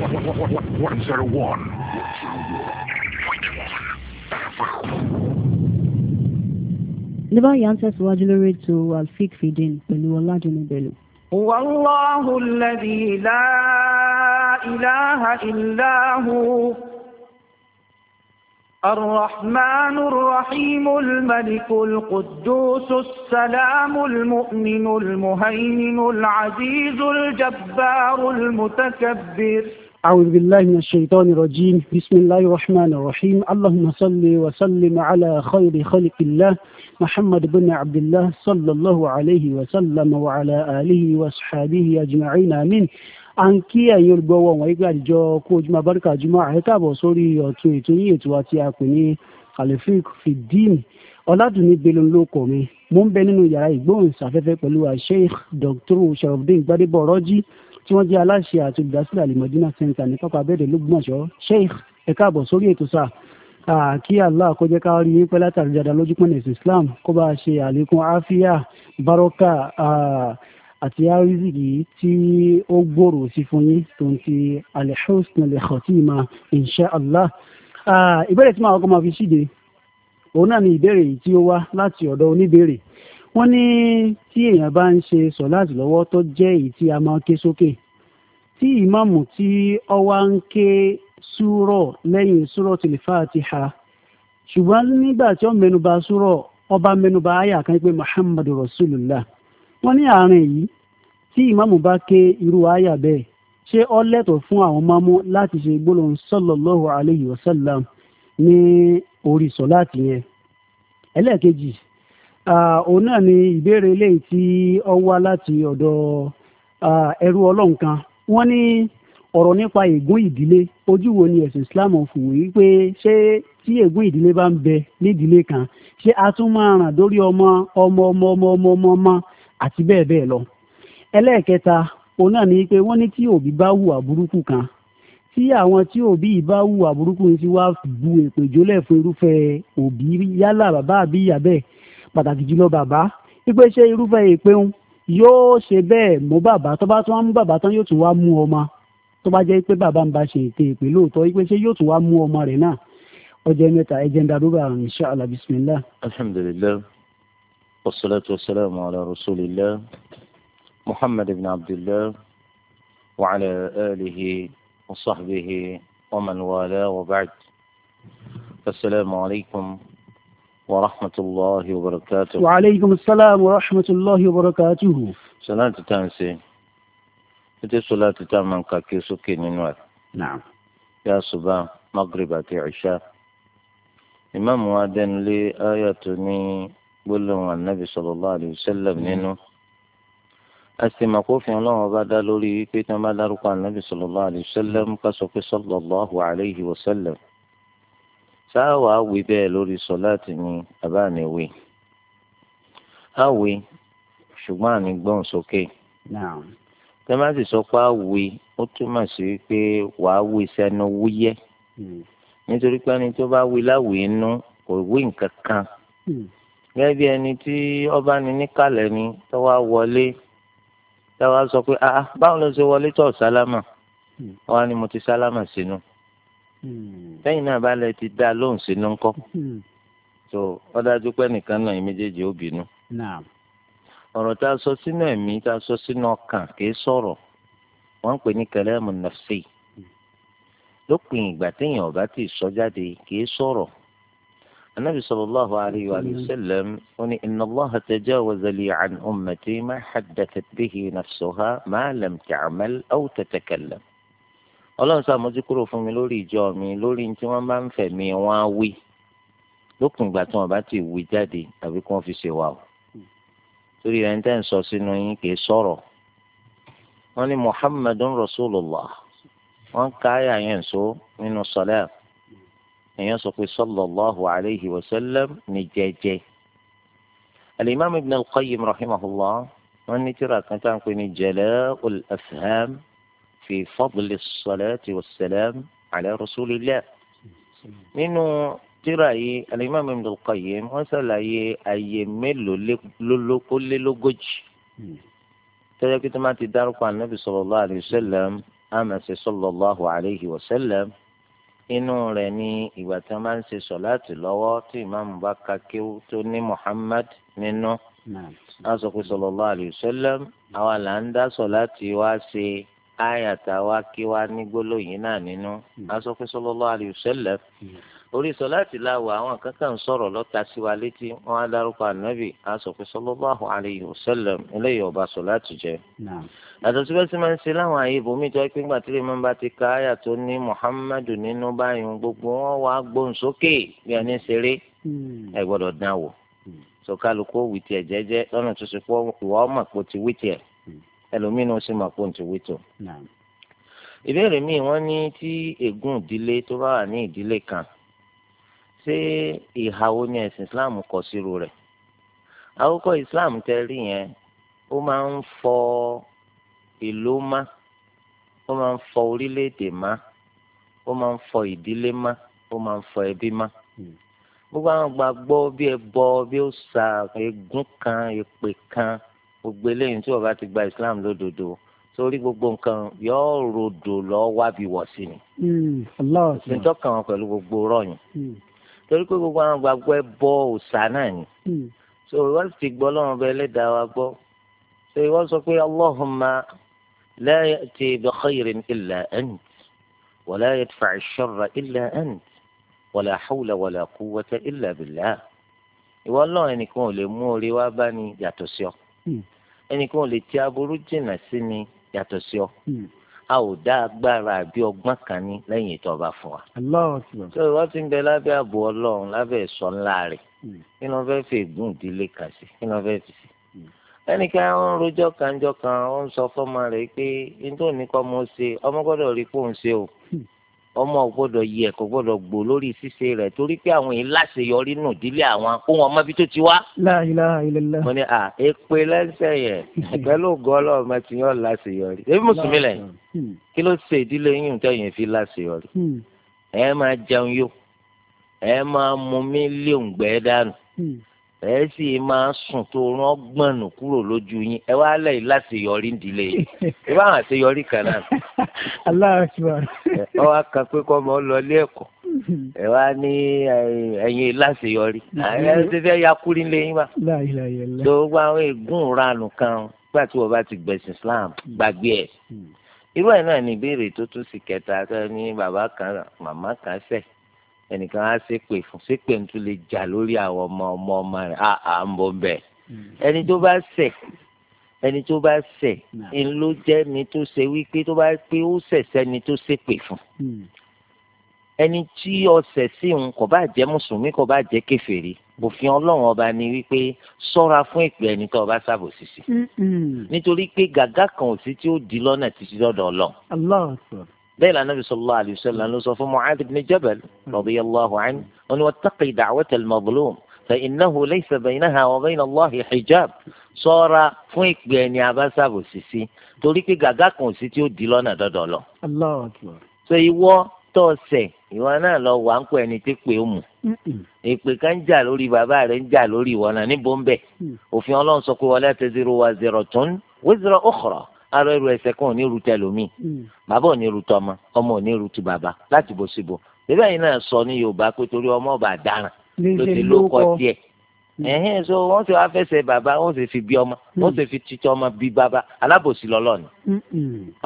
101. 101. نبايان سواجلوري تو الفيك في دين بلو والله الذي لا إله إلا هو الرحمن الرحيم الملك القدوس السلام المؤمن المهيمن العزيز الجبار المتكبر أعوذ بالله من الشيطان الرجيم بسم الله الرحمن الرحيم اللهم صل وسلم على خير خلق الله محمد بن عبد الله صلى الله عليه وسلم وعلى آله وأصحابه أجمعين آمين à ń kí ẹ̀yin olùgbọ́wọ́ wọn yíká àdìjọ kó ojúmọ́ abáríkà jùmọ̀ àyíkàbọ̀ sórí ọ̀tún ètò yìí ètò àti àpè ní kàlífíìk fìdíìnì ọ̀làdùnní belon ló kọ̀ mi mo ń bẹ nínú yàrá ìgbóhùnsáfẹ́fẹ́ pẹ̀lú Sheikh Dr. sharafdin gbadebo ọ̀rọ́jì tí wọ́n jẹ́ aláṣẹ àti olùdásílẹ̀ alimọ̀dínà center ní pápá abẹ́ẹ̀dẹ̀ lọ́gbọ̀nsọ̀ sheikh ẹ káàbọ̀ sórí ètò sáà kí allah kó jẹ́ ká rí i pẹ́ látàrí dáadáa lójú pọ̀nà ẹ̀sìn islam kó bá a ṣe àlékún àáfíà baraka àti àrísìkì tí ó gbòòrò sí fún yín tó ń ti alihusna insha allah ìbéèrè tí màá kọ́ máa fi ṣíde òun náà ni ìbéèrè yìí tí ó wá láti ọ̀dọ̀ oníbéèrè wọ́n ní tí èèyàn bá ń ṣe sọ̀láàtì lọ́wọ́ tó jẹ́ èyí tí a máa ké sókè tí ìmáàmù tí ọwa wá ń ké súrọ̀ tilifa ti ha ṣùgbọ́n nígbà tí ó mẹnuba ọba mẹnuba àyà kan pé muhammadu rasulullah wọ́n ní àárín yìí tí ìmáàmù bá ké irú àyà bẹ́ẹ̀ ṣé ọ lẹ́tọ̀ọ́ fún àwọn mámú láti ṣe gbólóhùn sallallahu alayhi wa sallam ní orí yẹn òun náà ni ìbéèrè eléyìí tí wá láti wọ́n ní ọ̀rọ̀ nípa ègún ìdílé ojú wo ni ẹ̀sìn islam fò wí pé ṣé tí ègún ìdílé bá ń bẹ nídìílé kan ṣé a tún máa ràn dórí ọmọ ọmọ ọmọ ọmọ ọmọ ọmọ ọmọ àti bẹ́ẹ̀ bẹ́ẹ̀ lọ. ẹlẹ́ẹ̀kẹta òun náà ni pé wọ́n ní tí òbí bá hùwà burúkú kan tí àwọn tí òbí bá hùwà burúkú yìí ti wá bu èpè jólẹ̀ fún irúfẹ́ òbí yálà bàbá àbí ìyá bẹ́ẹ̀ pàtàkì jùlọ bàbá wípé ṣé irúfẹ́ ìpéhùn yóò ṣe bẹ́ẹ̀ mú bàbá tó bá tún wá mú bàbá tán yóò tún wá mú ọmọ tó bá jẹ́ pé bàbá ń ba ṣe ète ìpè lóòótọ́ wípé ṣé yóò tún wá mú ọmọ rẹ̀ náà ọjọ́ mẹ́ta ẹ̀jẹ̀ ń darúgbà insha Allah bismillah. alhamdulilayi wasalaatu wasalaamu ala rasulillah muhammad ibn abdillah wa ala alihi wa sahbihi wa man wala wa ba'd asalaamu alaykum. As ورحمة الله وبركاته وعليكم السلام ورحمة الله وبركاته صلاة تانسي تي صلاة تامن كاكي سوكي نينوار نعم يا صبا مغربة عشاء إمام وادن لي آية ني بلو النبي صلى الله عليه وسلم نينو نعم. أسمى قوفي الله بعد لولي كي تمالا النبي صلى الله عليه وسلم قصف صلى الله عليه وسلم sáàwà wí bẹ́ẹ̀ lórí sọ láti ní bàbá mi wí àwí ṣùgbọ́n àmì gbọ́n sókè tẹ́ bá sì sọ pé àwí ó túmọ̀ sí pé wàá wí sẹ́nu wúyẹ́ hmm. nítorí pé ẹni tó bá wí láwìí inú kò wí nǹkan kan hmm. gẹ́gẹ́ bí ẹni tí ọba ni níkàlẹ̀ ni tó wá wọlé tó sọ pé ah, ah báwo ló ṣe wọlé tó sálámà hmm. wọn ni mo ti sálámà sínú. Si sẹ́yìn náà balẹ̀ ti dá lóhùn sínú ńkọ́ tó hmm. ó dájú pé nìkan náà méjèèjì ó bínú. ọ̀rọ̀ tá a sọ sínú ẹ̀mí tá a sọ sínú ọkàn kì í sọ̀rọ̀ wọ́n ń pè ní kẹlẹ́mù nafsi lópin ìgbà téèyàn ọ̀gá tí ì sọ jáde kì í sọ̀rọ̀ النبي صلى الله عليه وآله وسلم إن الله تجاوز لي عن أمتي ما حدثت به نفسها ما لم تعمل أو تتكلم ọlọ́run ṣàmójúkúrò fún mi lórí ìjọ mi lórí ní tí wọ́n bá ń fẹ̀mí wọn á wí lókun ìgbà tí wọ́n bá ti wí jáde tàbí kí wọ́n fi ṣe wà o torí ẹni tẹ́ ń sọ sínú yín kì í sọ̀rọ̀ wọ́n ní muhammadun rasulullah wọ́n ká àyà yẹn so nínú sọlẹ́ èèyàn sọ pé sallallahu alayhi wa sallam ní jẹ́jẹ́ alimami ibn al-qayyim wọ́n ní tírà kan tá à ń pè ní jala'ul afham. في فضل الصلاة والسلام على رسول الله nínú tírà yìí alimami Ibn al-Qayyim wọ́n ṣàlàyé ayé mélòó ló lé lógójì tẹ́lẹ̀ pé tó máa ti dárúkọ anabi sallallahu alayhi wa sallam amase sallallahu alayhi wa sallam inú rẹ̀ ní ìgbà tí wọ́n máa ń ṣe sọ̀láàtì lọ́wọ́ tí ìmáàmù bá ka kéwú tó ní Muhammad nínú wọ́n sọ pé sallallahu alayhi wa àwa là ń dá sọ̀láàtì wá ṣe ayàtà wa kí wa ní gbólóyìn náà nínú hmm. asọ́fẹ́ sallallahu alayhi wa sallam hmm. orí sọláàtì láwọ àwọn kankan ń sọ̀rọ̀ lọ́ta sí wa létí wọn á dárúkọ ànábì asọ́fẹ́ sallallahu alayhi wa sallam eléyìí ọba sọláàtì jẹ. àtọ̀ tí wọ́n ti máa ń ṣe láwọn ààyè ibòmí tó pé ńgbà tí lè máa ń bá ti ka àyà tó ní muhammadu nínú báyìí gbogbo wọn wá gbóhùn sókè bí ẹni ṣeré hmm. ẹ gbọ́dọ̀ dán sọkálukó wìtì jẹ́jẹ́ lọ́nà tó ṣe fọ́ ìwà ẹlòmíín náà sì máa pọ̀ ní tiwí ìbéèrè wọ́n ní tí ègún ìdílé tó bá ní ìdílé kan ṣé ìhàwó ni ẹ̀sìn islam kọ sírò rẹ̀ àkókò islam tẹ rí yẹn ó máa ń fọ ìlú má ó máa ń fọ orílẹ̀-èdè má ó máa ń fọ ìdílé má ó máa ń fọ ẹbí má hmm. gbogbo àwọn gbàgbọ́ sa kan èpè kan. gbogbo eléyìí tí wọ́n bá ti gba islam lódodo sórí gbogbo nǹkan yóò rodò lọ wábi wọ̀ sí ni. Hmm, ìtọ́ kan wọn pẹ̀lú gbogbo rọ̀yìn hmm. torí pé gbogbo àwọn gbàgbọ́ ẹ bọ òòṣà náà ni. Hmm. so wọ́n ti gbọ́ lọ́wọ́ bẹ ẹlẹ́dàá wa gbọ́ so wọ́n sọ pé allahumma la ya'ti bi khayrin illa ant wa la yadfa'u sharra illa ant wa la hawla wa la quwwata illa Hmm. ẹnìkan ò lè ti aburú jìnnà sí ni yàtọ̀ sí ọ hmm. a ò dá agbára àbí ọgbọ́n kan ní lẹ́yìn tó o bá fún wa. tó o wá ti ń bẹ lábẹ́ ààbò ọlọ́run lábẹ́ ìsọ ńlá rẹ̀ hmm. kí ló fẹ́ fi ègún ìdílé kà sí kí ló fẹ́ fi sí. ẹnìkan ó ń rojọ́ kanjọ́ kan ó ń sọ fọ́mọ rẹ̀ pé nítorí nìkan mo ṣe ọmọ gbọ́dọ̀ rí pé ṣe o ọmọ gbọ́dọ̀ yẹ kò gbọ́dọ̀ gbò lórí ṣíṣe rẹ̀ torí pé àwọn yìí láṣeyọrí nù dílé àwọn ohun ọmọ ibi tó ti wá. La ilaha illallah. mo ní à èpè lẹ́sẹ̀ yẹn pẹ̀lú gọ́lọ́ ọmọ tí yóò láṣeyọrí. ebi mùsùlùmí lẹ̀ hmm. kí ló ṣe ìdílé yín tó yẹn fi láṣeyọrí. Hmm. ẹ máa jẹun yó ẹ máa mú mi léòǹgbẹ́ dànù. Hmm ẹ sì máa sùn tó rán gbọ̀nù kúrò lójú yín ẹ wá lẹ́yìn láti yọrí ìdílé yìí ẹ bá àwọn àṣeyọrí kan náà. aláàṣùwà. ẹ wá kan pé kọ́ ọmọ lọ ilé ẹ̀kọ́ ẹ wá ní ẹ̀yin láṣeyọrí ẹ ti fẹ́ yakuri lẹ́yìn wa. tó gba àwọn ègún ranù kan nígbà tí wọ́n bá ti gbẹ̀sìn Islam gbàgbé ẹ̀ hmm. irú ẹ̀ náà ní ìbéèrè tó tún sì kẹta ní bàbá kan màmá kan sẹ́ẹ̀ ẹnìkan á ṣépè fún ṣépè ń tún lè jà lórí àwọn ọmọ ọmọ ọmọ rẹ̀ á à ń bọ̀ bẹ́ẹ̀ mm. ẹni tó bá ṣẹ̀ ẹni tó bá ṣẹ̀ ń ló jẹ́ ni tó ṣe wípé tó bá pé ó ṣẹ̀ṣẹ̀ ni tó ṣépè fún mm. ẹni tí ọsẹ̀ sí òun kò bá jẹ́ mùsùlùmí kò bá jẹ́ kèfèrí òfin ọlọ́run ọba ni wípé sọ́ra fún ìpè ẹni tó bá sábò sísè nítorí pé gàgá kan ò sí tí ó di lọ́nà títí lọ́dọ̀ ọlọ́run bẹ́ẹ̀ lànà bisọ lọ́wọ́ àlùsọ̀lá ló sọ fún mu'adh ibn jabal radiyallahu anhu wọn ni wattaqi da'wata al-mazlum fa innahu laysa baynaha wa bayna Allahi hijab ṣọ́ra fún ìpè ẹni abáṣàbò sísí torí pé gàgá kan sí tí ó di lọ́nà dọ́dọ̀ lọ. so ìwọ tọ̀sẹ̀ ìwọ náà lọ wà ń pẹ́ ẹni tí pé ó mú ìpè kan ń jà lórí bàbá rẹ̀ ń jà lórí ìwọ náà níbo ń bẹ̀ mm. òfin ọlọ́run sọ pé wala taziru wazratun wizra ukhra arọ ẹrù ẹsẹ̀ kan ò ní ru tẹlómi hmm. bàbá ò ní ru tọmọ ọmọ ò ní ru ti bàbá láti bó síbò bíbẹ́ yìí náà sọ ní yorùbá pé torí ọmọ ọba dáràn ló ti ló kọ tiẹ̀ hmm. ẹ̀hìn so wọ́n ti wá fẹsẹ̀ bàbá wọ́n sì fi bí ọmọ wọ́n sì hmm. fi títí ọmọ bí bàbá alábòsí lọ́lọ́ọ̀ni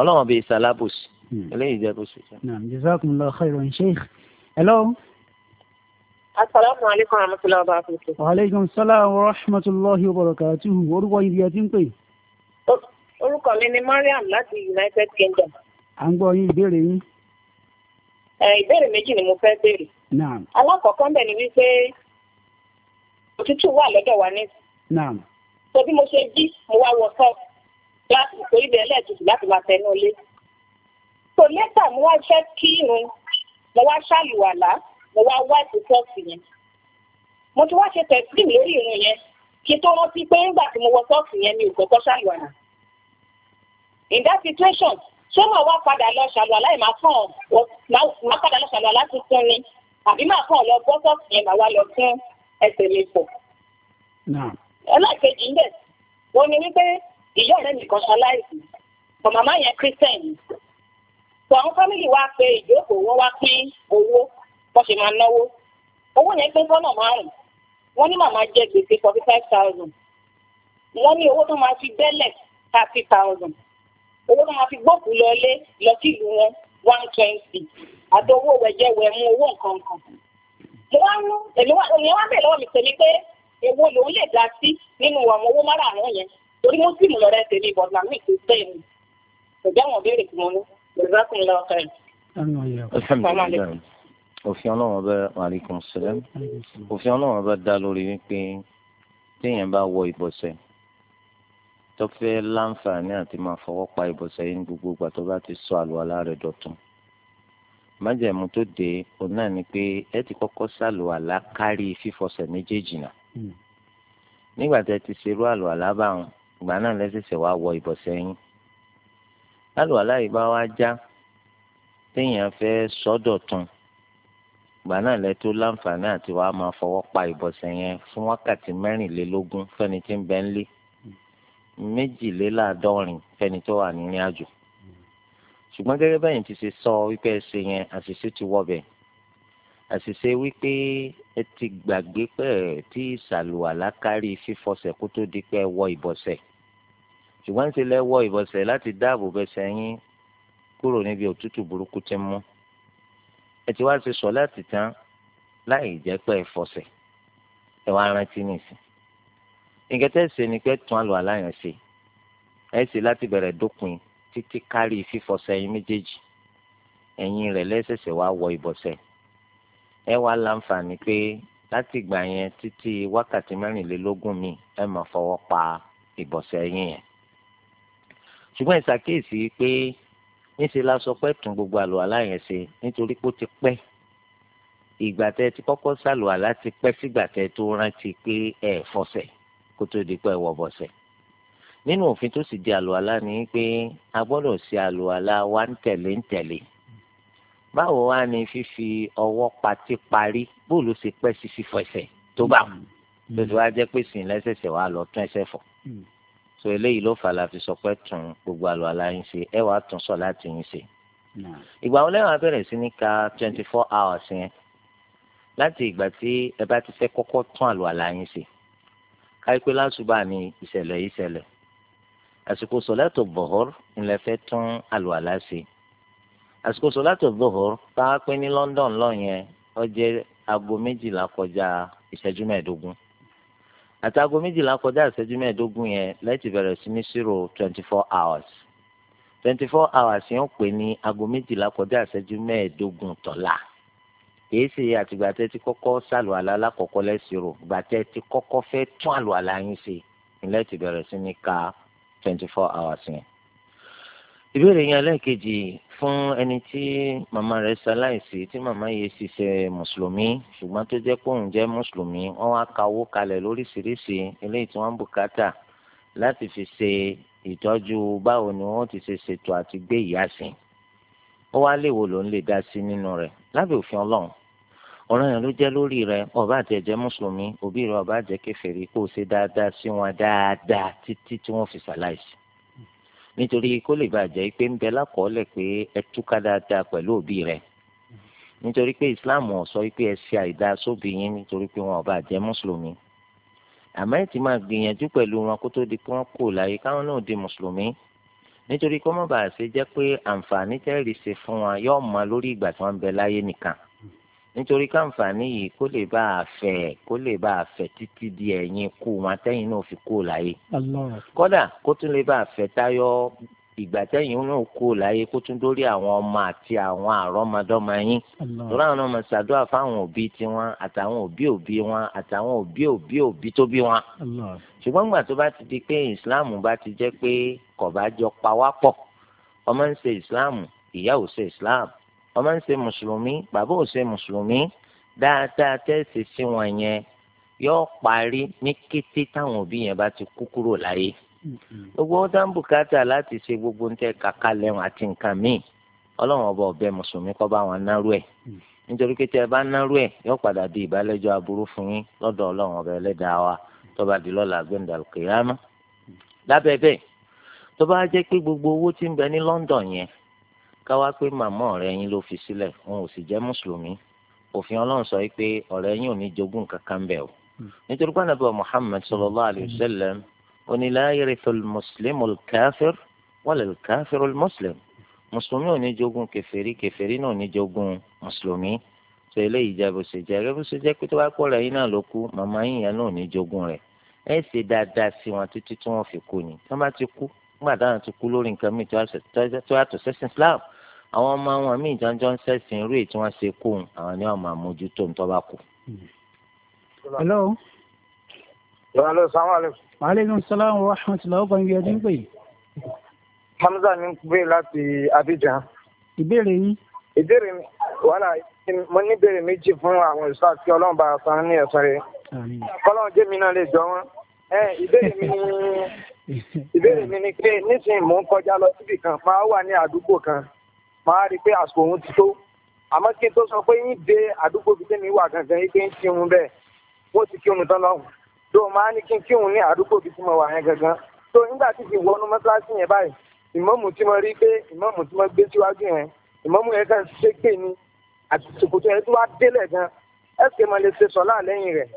ọlọ́wọ́n bẹ ṣe alábòsí eléyìí jẹ́ bó ṣe asalaamualeykum wa rahmatulahi wa barakatuhu. wa orúkọ mi ni Mariam láti United Kingdom. à ń gbọ́ yín ìbéèrè yín. ìbéèrè méjì ni mo fẹ́ béèrè. alákọ̀ọ́kọ́ ń bẹ̀ ni wípé òtútù wà lọ́dọ̀ wa ní. so bí mo ṣe jí mo wá wọ sọ́ọ̀kì láti torí bẹ́ẹ̀ lẹ́ẹ̀tutù láti máa fẹnu lé. so lẹ́tà mo wá fẹ́ kí irun mo wá ṣàlùwàlá mo wá wá ìsọ́ọ̀kì yẹn. mo ti wá ṣe tẹ̀síìmù lórí irun yẹn kí tó rántí pé nígbà tí mo wọ sọ́ọ̀kì yẹn mi ò kọ́kọ́ ṣàlùwàlá in that situation ṣé màá wá padà lọ ṣàlùwàlá ìmá fún ọ màá padà lọ ṣàlùwàlá tuntun ni àbí màá fún ọ lọ bọ́ sọ́ọ̀sì yẹn màá wá lọ fún ẹsẹ̀ mi fò. ẹlẹ́ẹ̀kejì ń bẹ̀ wọ́n ní wípé ìyá ọ̀rẹ́ mi kan ṣaláìsì kò màmá yẹn christian tó àwọn fámìlì wa pé ìjókòó wọn wá pín owó bó ṣe máa náwó owó yẹn pín sọ́nà márùn-ún wọ́n ní màmá jẹ gbèsè forty five thousand wọ́n ní owó tó máa fi bẹ́lẹ̀ thirty thousand owó náà fi gbókù lọlé lọ sí ìlú wọn one twenty àti owó wẹ̀jẹ̀wẹ̀ mú owó nǹkan kan. mo wá ń èmi wá èmi wá bẹ̀rẹ̀ lọ́wọ́ mi tèmi pé èwo lòun lè dá sí nínú àwọn owó márààrún yẹn torí mo sì mú lọ́rẹ́ tèmi bọ̀ nàmí ti sẹ́ mi kò jẹ́ wọn béèrè fún mi ìrẹ́sàkùn lọ ọkọ ẹ̀. alhamdulilayi òfin ọlọ́wọ́n bá alaikum salam òfin ọlọ́wọ́n bá dá lórí wípé téèyàn bá wọ ìbọ̀sẹ̀ tó fẹ́ láǹfààní àti máa fọwọ́ pa ìbọ̀sẹ̀ yìí ní gbogbo ìgbà tó bá ti sọ àlùwàlá rẹ̀ dọ̀tun májẹ̀mú tó de òun náà ni pé ẹ ti kọ́kọ́ ṣàlùwàlá kárí fífọsẹ̀ méjèèjì náà hmm. nígbà tí ẹ ti ṣerú àlùwàlá báwọn ìgbà náà lẹ́sẹ̀sẹ̀ wá wọ ìbọ̀sẹ̀ yín àlùwàlá yìí bá wá já téèyàn fẹ́ sọ́dọ̀tun ìgbà náà lẹ tó láǹfààní àti wàá máa fọwọ́ pa ìbọ̀sẹ̀ yẹn fún wákàtí mẹ́rìnlélógún fẹ́ni tí ń bẹ méjìléláàádọ́rin fẹ́ni tó wà nínú àjò ṣùgbọ́n gẹ́gẹ́ bẹ́yìn ti ṣe sọ wípé ẹsẹ̀ yẹn àṣìṣe ti wọ́ bẹ̀ àṣìṣe wípé ẹ ti gbàgbé pé ẹ ti ṣàlùwàlá kárí fífọsẹ̀ kó tó di pé ẹ wọ ìbọ̀sẹ̀ ṣùgbọ́n ń ṣe lẹ́ wọ ìbọ̀sẹ̀ láti dáàbò bẹsẹ̀ yín kúrò níbi òtútù burúkú ti mú ẹ ti wá ṣe sọ láti tán láì jẹ́ pé ẹ fọsẹ̀ ẹ wá rántí nìsín nǹkan tẹ́ ẹ ṣe ni pé tún àlọ́ aláyàn ṣe ẹ ṣe láti bẹ̀rẹ̀ dópin títí kárí fífọṣẹ ẹyin méjèèjì ẹ̀yìn rẹ̀ lẹ́sẹ̀sẹ̀ wá wọ ìbọ̀sẹ̀ ẹ wá láǹfààní pé láti ìgbà yẹn títí wákàtí mẹ́rìnlélógún mi ẹ máa fọwọ́ pa ìbọ̀sẹ̀ ẹyin yẹn ṣùgbọ́n ìṣàkíyèsí pé níṣẹ́ la sọ pé tún gbogbo àlọ́ aláyẹn nítorí pé ó ti pẹ́ ìgbà tẹ́ ti kọ́kọ́ sàlùwàlá ti pẹ́ sígbà tẹ́ tó rántí pé ẹ fọṣẹ kó tó di pé ẹwọ bọ̀sẹ̀ nínú òfin tó sì di àlùwàlá ni pé a gbọ́dọ̀ ṣe àlùwàlá wa ń tẹ̀lé ń tẹ̀lé báwo wá ni fífi ọwọ́ patí parí bóòlù ṣe pẹ́ sí fífẹsẹ̀ tó bá wù lójú mm. wa jẹ́ pé sìn lẹ́sẹ̀sẹ̀ wa lọ tún ẹsẹ̀ fọ̀ mm. so eléyìí ló fà la fi sọ pé tún gbogbo àlùwàlá yín ṣe ẹ wàá tún sọ láti yín ṣe ìgbà wo lẹ́wọ̀n abẹ́rẹ́ sí ní ka twenty four hours yẹn láti ìgbà tí ẹ bá ti fẹ́ kọ́kọ́ tún àlùwàlá yín ṣe àìpé lásùbà ní ìṣẹ̀lẹ̀ ìṣẹ̀lẹ̀ àsìkò sọ̀látò bọ̀họ́r ńlẹ̀ fẹ́ tún àlùwàlá ṣe àsìkò sọ̀látò bọ̀họ́r tá a pín ní London lọ́yẹn ó jẹ́ aago méjìlá kọjá ìṣẹ́jú mẹ́ẹ̀ẹ́dógún àtàgò méjìlá kọjá ìṣẹ́jú mẹ́ẹ̀ẹ́dógún yẹn lẹ́tì bẹ̀rẹ̀ sí ní zero twenty four hours twenty four hours yẹn ó pè ní aago méjìlá kọjá ìṣẹ́jú mẹ́ẹ̀ẹ́dógún tọ́lá kìí ṣe àtìgbà tẹ́ ti kọ́kọ́ ṣàlùwàlá alákọ̀ọ́kọ́ lẹ́sìrò ìgbà tẹ́ ti kọ́kọ́ fẹ́ tún àlùwàlá yín ṣe nílẹ̀ ti bẹ̀rẹ̀ sí ní ka twenty four hours yẹn. ìbéèrè yẹn lẹ́ẹ̀kejì fún ẹni tí màmá rẹ̀ ṣaláìsí tí màmá yìí ṣiṣẹ́ mùsùlùmí ṣùgbọ́n tó jẹ́ pé òun jẹ́ mùsùlùmí wọ́n wá ka owó kalẹ̀ lóríṣiríṣi eléyìí tí wọ́n ń bùkátà láti fi ṣe ìtọ́jú báwo ni wọ́n ti ṣe ṣètò àti gbé ìyá sí ó wá léwo ló ń lè dá sí nínú rẹ̀ lábẹ́ òfin ọlọ́run ọ̀ràn yẹn ló jẹ́ lórí rẹ ọba àtẹ̀jẹ́ mùsùlùmí òbí rẹ ọba àjẹ́ kèfèrí kó o ṣe dáadáa sí wọn dáadáa títí tí wọ́n fi ṣàláìsí nítorí kó lè bàjẹ́ pé ń bẹ lákọọ́lẹ̀ pé ẹ túká dáadáa pẹ̀lú òbí rẹ nítorí pé ìsìláàmù ò sọ pé ẹ ṣe àìdáa sóbì yín nítorí pé wọn ọba àjẹ́ mùsùlùmí àmọ́ ẹ ti máa gbìyànjú pẹ̀lú wọn kó tó di pé wọ́n kò láyé káwọn náà di mùsùlùmí nítorí kó má bàa ṣe jẹ́ pé àǹfààní tẹ́rì ṣe fún wọn yóò mọ lórí ìgbà tí wọ́n ń bẹ láyé nìkan nítorí káǹfààní yìí kó lè bá a fẹ̀ kó lè bá a fẹ̀ títí di ẹ̀yìn kú wọn tẹ́yìn náà fi kú láyé kódà kó tún lè bá a fẹ̀ tayọ ìgbà tẹ́yìn náà kú láyé kó tún dórí àwọn ọmọ àti àwọn àrọ́mọdọ́mọ yín lórí àwọn ọmọ ṣàdúrà fáwọn òbí tiwọn àtàwọn òbí òbí wọn àtàwọn òbí òbí òbí tó bí wọn ṣùgbọ́n gbà tó bá ti di pé ìsìláàmù bá ti jẹ́ pé kọ̀bájọ pawápọ̀ ọmọ ń ṣe ìsìláàmù ìyá ṣe ìsìláàmù ọmọ ń ṣe mùsùlùmí bàbá ò ṣe mùsùlùmí dáadáa tẹ́sí sí wọn yẹn yóò parí ní kété táwọn òbí yẹn bá ti kú kúrò láyé gbogbo ó dá ń bùkátà láti ṣe gbogbo ń tẹ kàkà lẹ́wọ̀n àti nǹkan míì ọlọ́run ọba ọbẹ̀ mùsùlùmí kọ́ bá wọn náró ẹ̀ nítorí pé tẹ́ ẹ bá náró ẹ̀ yóò padà di ìbálẹ́jọ́ aburú fún yín lọ́dọ̀ ọlọ́run ọba ẹlẹ́dàá wa tó bá di lọ́la gbẹ̀ndà kìyàmá lábẹ́ bẹ́ẹ̀ tó bá jẹ́ pé gbogbo owó tí ń bẹ ní London yẹn káwá pé màmá ọ̀rẹ́ yín ló fi sílẹ̀ òun ò sì jẹ́ mùsùlùmí òfin ọlọ́run sọ pé ọ̀rẹ́ yín ò ní jogún kankan bẹ̀ o hmm. nítorí pé ànábì Muhammad sallallahu alayhi wa sallam ó ní la yarithul muslimul káfíìr walal káfíìrul muslim mùsùlùmí ò ní jogún kèfèrí kèfèrí náà ò ní jogún mùsùlùmí tó eléyìí jẹ́ bó ṣe jẹ́ bó ṣe jẹ́ pé tó bá kọ́ ọ̀rẹ́ yín náà ló kú màmá yín lórí nǹkan mìíràn tó yàtọ̀ sẹ́sìn Islam àwọn ọmọ àwọn míì jọjọ ń ṣẹ̀sìn irú èyí tí wọ́n ṣe kóhun àwọn ni wọ́n máa mójútó ń tọ́ba kù. hello. hello salaam aleykum. maaleykum salaam wa rahmatulah ọgbà ibi ẹdín pè. hamza ní gbé láti abidjan. ìbéèrè yín. ìbéèrè mi wàhálà mo ní ìbéèrè méjì fún àwọn ìṣáà tí ọlọ́run bá san ní ẹ̀sán rẹ̀. kọ́lọ́run jẹ́mi náà lè jọ wọ́n. ìbéèrè mi ni ìbéèrè mi ni pé nísìnyí mò ń kọjá lọ síbì kan máa wà ní àdúgbò kan máa rí i pé àsìkò òun ti tó àmọ́ kí n tó sọ pé yín dé àdúgbò bíi tèmi wà gangan yìí pé ń kírun bẹ́ẹ̀ wọ́n ti kírun tán lọ́hùn tó máa ní kí n kírun ní àdúgbò bíi tí mo wà yẹn gangan tó nígbà tí ti wọnú mọ́ṣáláṣí yẹn báyìí ìmáàmù tí mo rí pé ìmáàmù tí mo gbé síwájú yẹn ìmáàmù yẹn kàn ṣe gbé ni àti ṣòkòtò yẹn tó wá délẹ̀ gan ẹsẹ̀ mo lè ṣe sọ́lá lẹ́yìn rẹ̀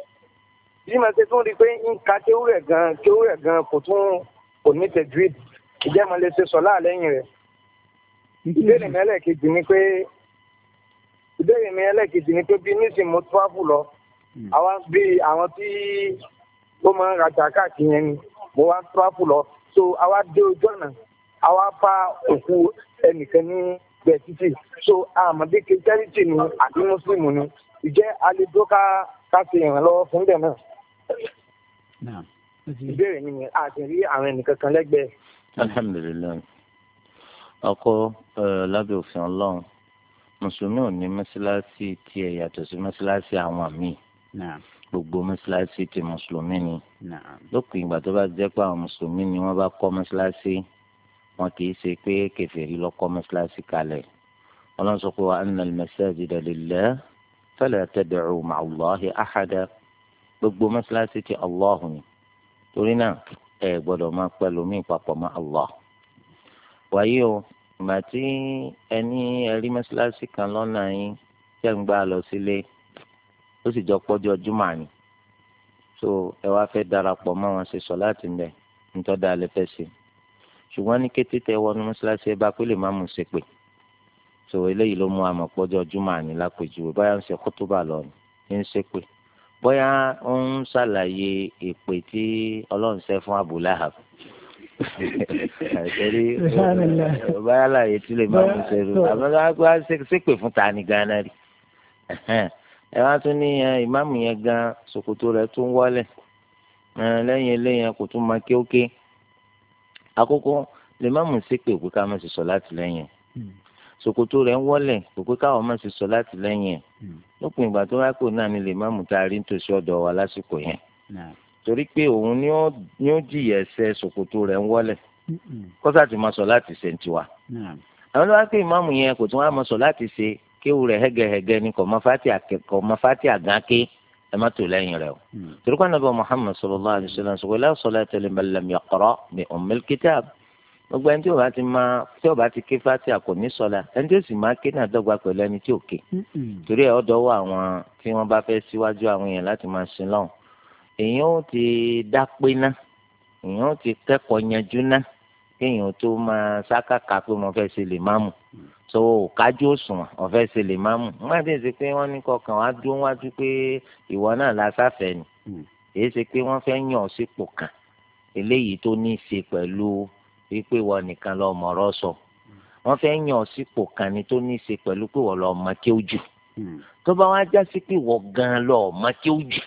bí mo ṣe tún rí i pé ń ka kéwúrẹ̀ gan kéwúrẹ̀ gan kò tún kò ní tẹ̀jú ìdí ìbéèrè mi ẹlẹ́ẹ̀kejì ni pé ìbéèrè mi ẹlẹ́ẹ̀kejì ni pé bí nísìn mo travel lọ hmm. àwọn bí àwọn tí ó máa ń rajà káàkiri yẹn ni mo wá travel lọ so àwa dé ojú ọ̀nà àwa fa òkú ẹnìkan ní bẹẹ títì so àmọdé kẹtẹrìtì ni àti mùsùlùmí ni ìjẹ àlejò ká ká ṣe ìrànlọ́wọ́ fún bẹ́ẹ̀ náà ìbéèrè mi ni àtẹrí àwọn ẹnìkan kan lẹ́gbẹ̀ẹ́. alhamdulilayi ọkọ eh, lábẹ́ òfin ọlọ́run mùsùlùmí ò ní mọ́sálásí tiẹ̀ yàtọ̀ sí mọ́sálásí àwọn míì gbogbo mọ́sálásí ti mùsùlùmí ni lópin ìgbà tó bá jẹ́ pé àwọn mùsùlùmí ni wọ́n bá kọ́ mọ́sálásí wọn kì í ṣe pé kèfèrí ló kọ́ mọ́sálásí kalẹ̀ ọlọ́run sọ pé wa anna al-masajida lillah fala tad'u ma'a Allahi ahada gbogbo mọ́sálásí ti Allahu torí náà ẹ gbọ́dọ̀ máa pẹ́ lómi ìpapọ̀ mọ́ Allah wàyí o ìgbà tí ẹni ẹrí mọ́ṣáláṣí kan lọ́nà yín tẹ̀ ń gbà lọ sílé ó sì jọ pọ́jọ́ júmọ̀ ni so ẹ wá fẹ́ darapọ̀ mọ́ wọn ṣe sọ láti ń bẹ̀ nítorí alẹ́ fẹ́ ṣe ṣùgbọ́n ní kété tẹ wọnú mọ́ṣáláṣí ẹ bá pé lè má mú un ṣe pè so eléyìí ló mú àmọ́ pọ́jọ́ júmọ̀ ni lápèjúwe báyà ń ṣe kútúbà lọ ní ń ṣe pè bóyá ó ń ṣàlàyé èpè tí ọlọ́run ṣe fún Abu àṣírí báyà láàyè tí lè máa mú sẹ́rù àbúrò ṣépè fún ta ni gánà rí ẹ wá tún ní ìmáàmù yẹn gan ṣòkòtò rẹ̀ tún wọlé lẹ́yìn eléyẹn kò tún máa kéóké àkókò lè máàmù ṣépè pé ká má sì sọ láti lẹ́yìn hmm. ṣòkòtò rẹ̀ ń wọlé kò pé káwọn má sì sọ láti lẹ́yìn hmm. lópin ìgbà tó wá pò náà ni lè máàmù tá a rí nítòsí ọ̀dọ̀ wa lásìkò yẹn torí pé òun ni ó jìyà ẹsẹ̀ ṣòkòtò rẹ̀ ń wọlẹ̀ kọ́sà ti máa sọ láti ṣe tiwa. àwọn tó pé ìmáàmù yẹn kò tún wá máa sọ láti ṣe kéwù rẹ̀ hẹ́gẹ́hẹ́gẹ́ ni kò máa fàtì àgànké ẹ má tò lẹ́yìn rẹ̀ o. Mm. torí pé anábọ̀ Muhammad sallallahu alayhi wa sallam sọ pé la salata liman ni yaqra kitab gbogbo ẹni tí o bá ti máa tí o bá ti ké fati àkò ní sọlá ẹni tí o sì máa ké náà dọ́gba pẹ̀lú ẹni tí o ké torí ẹ ọdọ wọ àwọn tí wọn bá fẹ́ síwájú àwọn èèyàn láti máa sin lọhùn èèyàn ó ti dápé ná èèyàn ó ti kẹ́kọ̀ọ́ yanjú ná kéèyàn tó máa sákàkà pé mo fẹ́ ṣe lè má mú so kájú òṣùwọ̀n ọ̀fẹ́ ṣe lè má mú má dé ṣe pé wọ́n ní kọkàn wá dún wájú pé ìwọ náà la sáfẹ́ ni èyí hmm. ṣe pé wọ́n fẹ́ yàn ọ́ sípò kan eléyìí tó ní í ṣe pẹ̀lú wípé wọ́n nìkan lọ mọ̀rọ̀ sọ wọ́n fẹ́ yàn ọ́ sípò kan ni tó ní í ṣe pẹ̀lú pé wọ́n lọ mọ kéwù jù hmm. tó bá wá já sí pé wọ́n gan lọ mọ kéwù jù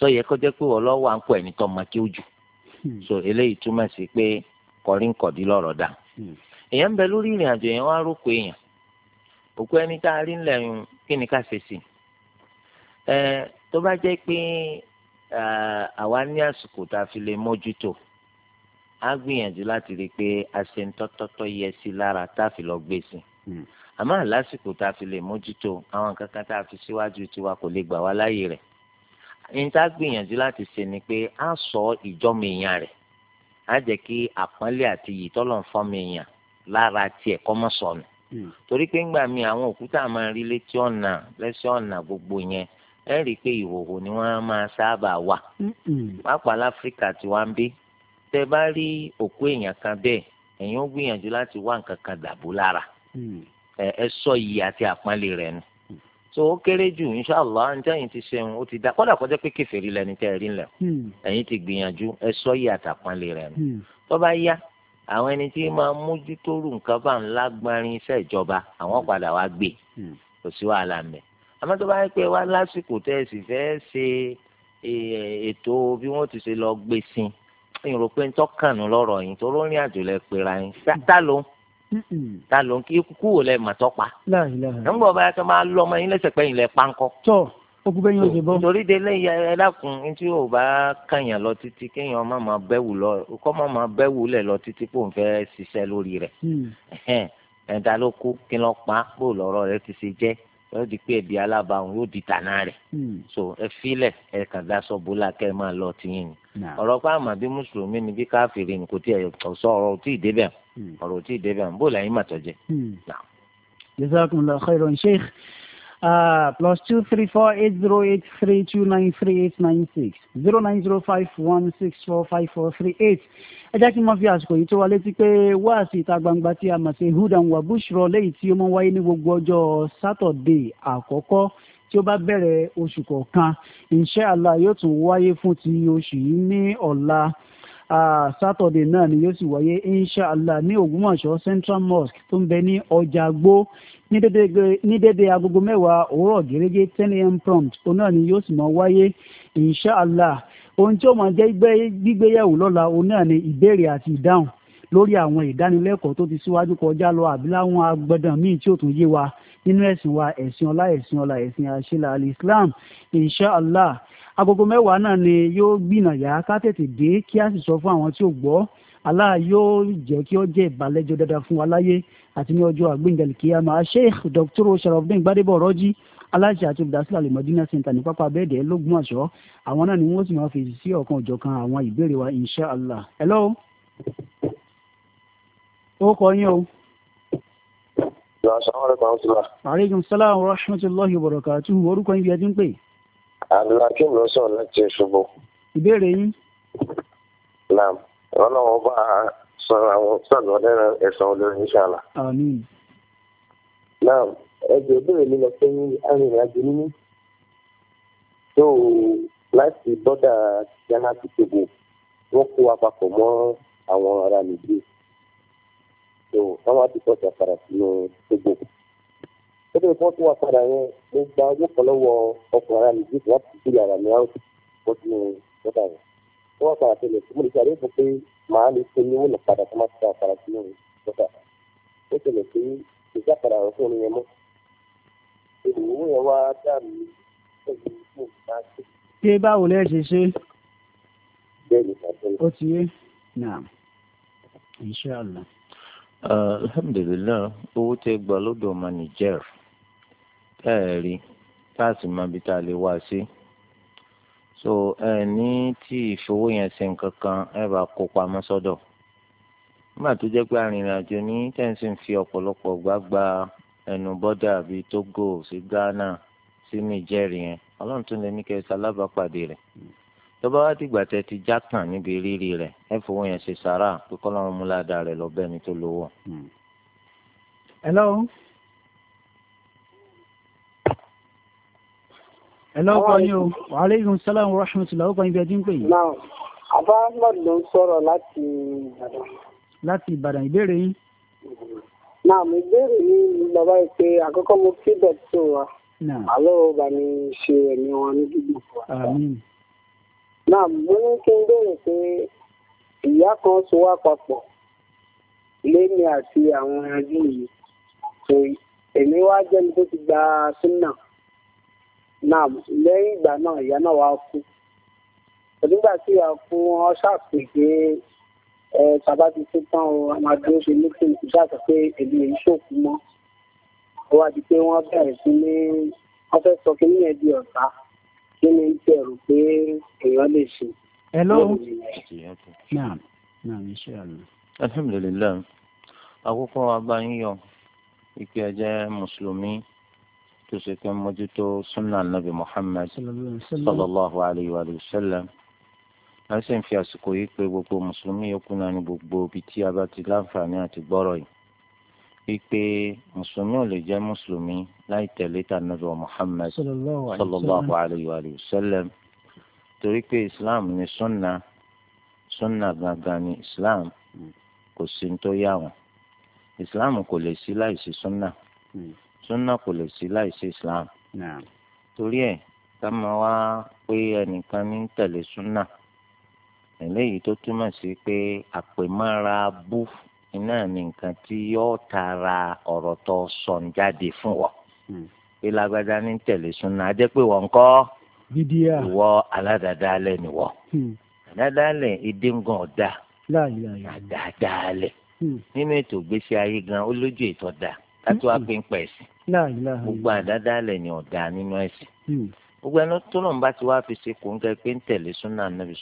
sọ yẹ kó jẹ́ pé wọ́n lọ́wọ́ à ẹni tó máa kí ó jù hmm. so eléyìí túmọ̀ sí pé kọrínkọ̀dí lọ̀rọ̀ dà hmm. èèyàn ń bẹ lórí ìrìn àjò yẹn wá rókò èèyàn òkú ẹni tá a rí ńlẹ̀ yun kí ni ká ṣe sí ẹ tó bá jẹ́ pé àwa ní àsìkò tá a fi lè mójútó a gbìyànjú láti rí i pé a ṣe ń tọ́tọ́tọ́ yẹ sí lára tá a fi lọ gbé sí hmm. àmọ́ àlásìkò tá a fi lè mójútó àwọn kankan tá a fi síwájú tiwa kò lè gbà wá láyè rẹ̀ ẹni tá gbìyànjú láti ṣe ni pé a sọ ìjọ́mọ èèyàn rẹ̀ á jẹ́ kí àpọ́nlé àti iyì tọ́lọ̀ ń fọ́mọ èèyàn lára tiẹ̀ kọ́ mọ́ sọnù. Hmm. torí pé ńgbà mi àwọn òkúta máa rí létí ọ̀nà lẹ́sẹ̀ ọ̀nà gbogbo yẹn ẹ rí i pé ìhòhò ni wọ́n máa sábà wà. Hmm. pàápàá láfíríkà tí wàá ń bí tẹ bá rí òkú èèyàn kan bẹ́ẹ̀ ẹ̀yin ó gbìyànjú láti wá nǹkan kan dàbò lára hmm. ẹ sọ iyì àti àpọ́nlé rẹ̀ nù. so ó kéré jù inṣàlá ntẹ́yìn ti ṣeun ó ti da kọ́dà kọjá pé kẹfẹ́rí lẹni tẹ́ rí lẹ̀ hmm. ẹ̀yin ti gbìyànjú ẹ sọ yìí àtàpọ́nlé rẹ̀ nù hmm. tó bá yá àwọn ẹni tí máa mójútó rú nǹkan bá ń lágbárin iṣẹ́ ìjọba àwọn padà wá gbé hmm. kò sí wàhálà mẹ́ àmọ́ tó bá yẹ pé wá lásìkò tẹ́ ẹ sì fẹ́ ṣe e, ètò bí wọ́n ti ṣe lọ gbé sí i ìrò ń tọ́kànnù lọ́rọ̀ yìí tó lórí àjò lẹ pera yín tá ló ń ta ló ń kí kú wò lẹ màtọ́ pa nígbà bá yàtọ̀ máa lọ ọmọ yín lẹ́sẹ̀ pẹ́yìn lẹ pánkọ́. tọ́ okùn bẹ́yìn oṣù bọ́. torí de lẹ́yìn ẹlẹ́kùn tí yóò bá kàyàn lọ títí kéèyàn ọmọ máa bẹ́wù lọ kọ́ ọmọ máa bẹ́wù lẹ̀ lọ títí kó n fẹ́ ṣiṣẹ́ lórí rẹ̀ mm. ẹ̀dá ló kú kí lọ́ pa bó lọ́rọ̀ rẹ̀ ti ṣe jẹ́ yóò di pé ẹbí alábàáhùn yóò di tànà rẹ̀ mm. so ẹ filẹ̀ ẹ kàn dá sọ kẹ́ ẹ máa lọ tiyín ni ọ̀rọ̀ pé àmọ́ bí mùsùlùmí ni bí káfíìrì ni kò tí ẹ̀ sọ ọ̀rọ̀ tí ì débẹ̀ hmm. ọ̀rọ̀ tí ì débẹ̀ bó lẹ́yìn mà tọ́jẹ́. Hmm. jazakumullahu khairan sheikh uh, plus two three four eight zero eight three two nine three eight nine six zero nine zero five one six four five four three eight ẹ jẹ́ kí n máa fi àsìkò yìí tó wa létí pé wáàsí ìta gbangba tí a mọ̀ sí hudan wa lẹ́yìn tí ó máa wáyé ní gbogbo ọjọ́ sátọ̀dé àkọ́kọ́ tí ó bá bẹ̀rẹ̀ oṣù kọ̀ọ̀kan inshàlá yóò tún wáyé fún ti oṣù yìí ní ọ̀la sátọ̀dẹ̀ náà ni yóò sì wáyé inshàlá ní Ògbómọ̀ṣọ́ Central Mosque tó ń bẹ ní ọjà gbó ní dédé agogo mẹ́wàá òwúrọ̀ gẹ́gẹ́ ten a.m. prompt òun náà ni yóò sì máa wáyé inshàlá ohun tí ó máa jẹ́ gbígbéyẹ̀wò lọ́la òun náà ni ìbéèrè àti ìdáhùn lórí àwọn ìdánilẹ́kọ̀ọ́ tó ti síwájú kọjá lọ àbí láwọn agbọ̀dàn míì tí ò tún yé wa nínú ẹ̀sìn wa ẹ̀sìn ọlá ẹ̀sìn ọlá ẹ̀sìn àṣìlá alìsílám inshàlá agogo mẹ́wàá náà ni yóò gbìnàyà ká tètè dé kí a sì sọ fún àwọn tí ò gbọ́ Allah yóò jẹ́ kí ó jẹ́ ìbàlẹ́jọ́ dáadáa fún wa láyé àti ní ọjọ́ àgbéǹdẹ̀lì kíyàmá sheikh dr sharafdin gbadebo ọ̀rọ́jì aláṣẹ àti olùdásílẹ̀ alimọ̀dínà center ní pápá abẹ́ẹ̀dẹ́ lógún àṣọ àwọn náà ni wọ́n sì máa fèsì sí ọ̀kan òjọ̀kan àwọn ìbéèrè wa inshàlá hello ó kọ yín o aleykum salaam wa rahmatulahi wa barakatuhu orúkọ yín bí ẹ ti ń pè. abdulhakeem ló sọ láti ṣubú. ìbéèrè yín. naam ọlọ́wọ́ bá a sọ àwọn sọ̀rọ̀ lẹ́nu ẹ̀sán olórí inṣàlá. àmín. naam ẹjọ́ ìbéèrè mi lọ pé arìnrìnàjò nínú tó láti bọ́dà ghana ti tóbi wọ́n kó wa mọ́ àwọn ará nìjíríà tó káwá ti sọ̀tà padà sínú gbogbo. ó bẹ̀rẹ̀ fún ọtún wa padà yẹn mo gba owó kan lọ́wọ́ ọkùnrin ara mi jíjìn láti fi ara mi áwùjọ bọ́ sínú sọ́tà yẹn. wọ́n wá padà tẹ̀lé mo lè ṣe àdéhùn pé màá lè ṣe ní wọ́n padà tó má ti padà sínú sọ́tà. ó tẹ̀lé pé ìjà padà rọ̀ fún mi yẹn mọ́. ìwúwo yẹn wá dá mi pẹ̀lú mo máa ṣe. ṣé báwo lẹ́ ṣe ṣe? bẹ́ẹ̀ ni ó ti yé náà inṣàlá alhamdulilayi owó tẹ gbà lọ́dọ̀ ọmọ niger tá ẹ rí tá a sì máa bí tá a lè wá sí so ẹ ní tí ìfowó yẹn ṣe nǹkan kan ẹ bá kó pamọ́ sọ́dọ̀ nígbà tó jẹ́ pé arìnrìnàjò ní tẹ̀sí ń fi ọ̀pọ̀lọpọ̀ gbàgbà ẹnu bọ́dà bíi Togo sí Ghana sí niger yẹn ọlọ́run tún lè ní kẹ́ ẹ ṣalábàápàdé rẹ̀ tó bá wá dìgbà tẹ́ ti já tàn níbi rírì rẹ̀ ẹ fowó yẹn ṣe sàrà pé kọ́ lọ́wọ́ mú ládàá rẹ̀ lọ ni tó lówó. Hmm. hello. hello kọ́ yín o wa aleykum salaam wa rahmatulah ó kàn ibi ẹtí ń pè yín. náà àbá ahmed ló ń sọ̀rọ̀ láti ìbàdàn. láti ìbàdàn ìbéèrè yín. náà mo béèrè ní bàbá yìí pé àkọ́kọ́ mo fi bẹ̀ tó wa àlọ́ ọba ni ṣe ẹ̀mí wọn ní gbígbó náà mo ní kí n béèrè pé ìyá kan so wá papọ̀ lémi àti àwọn ẹbí yìí tó èmi wá jẹ́ni tó ti gba súnà náà lẹ́yìn ìgbà náà ìyá náà wá kú onígbà tí ìyá kú wọn ṣàpè pé ẹ bàbá ti tún tán o a máa dúró ṣe mítìn kò ṣàtọ̀ pé èmi èyí ṣòkú mọ́ ó wá di pé wọ́n bẹ̀rẹ̀ sí ní wọ́n fẹ́ sọ kí nìyẹn di ọ̀tá kí ni tí ẹ rò pé èèyàn lè ṣe. ẹ lọ́wọ́ naam naam iṣẹ́ àná. alhamdulilayi àkókò abayíyọ ike ẹjẹ mùsùlùmí tó ṣe pé mójútó sunna nabi muhammad sallallahu alayhi wa sallam a ń fi àsìkò yìí pé gbogbo mùsùlùmí yòókù náà ní gbogbo ibi tí a bá ti láǹfààní àti gbọ́rọ̀ yìí wípé mùsùlùmí ò lè jẹ́ mùsùlùmí láì tẹ̀lé tànàbí Muhammad sallallahu alayhi wa sallam torí pé islam ni sunna sunna gangan ni islam kò sí ní tó yà wọn islam kò lè sí láì sí sunna sunna kò lè sí láì sí islam torí ẹ̀ ká máa wá pé ẹnìkan ní tẹ̀lé sunna eléyìí tó túmọ̀ sí pé àpèmọ́ra bú iná ní nǹkan tí yóò tara ọ̀rọ̀ tó jáde fún wa. Hmm. pé ní tẹ̀lé súnà á jẹ́ pé wọ́n ń kọ́ ìwọ hmm. ọ̀dà hmm. nínú ètò ìgbésí ayé gan olójú ètò ọ̀dà wá pẹ̀ sí. gbogbo ni ọ̀dà nínú ẹ̀sìn gbogbo ẹni tó bá ti wá fi ṣe kò pé ń tẹ̀lé súnà nàbì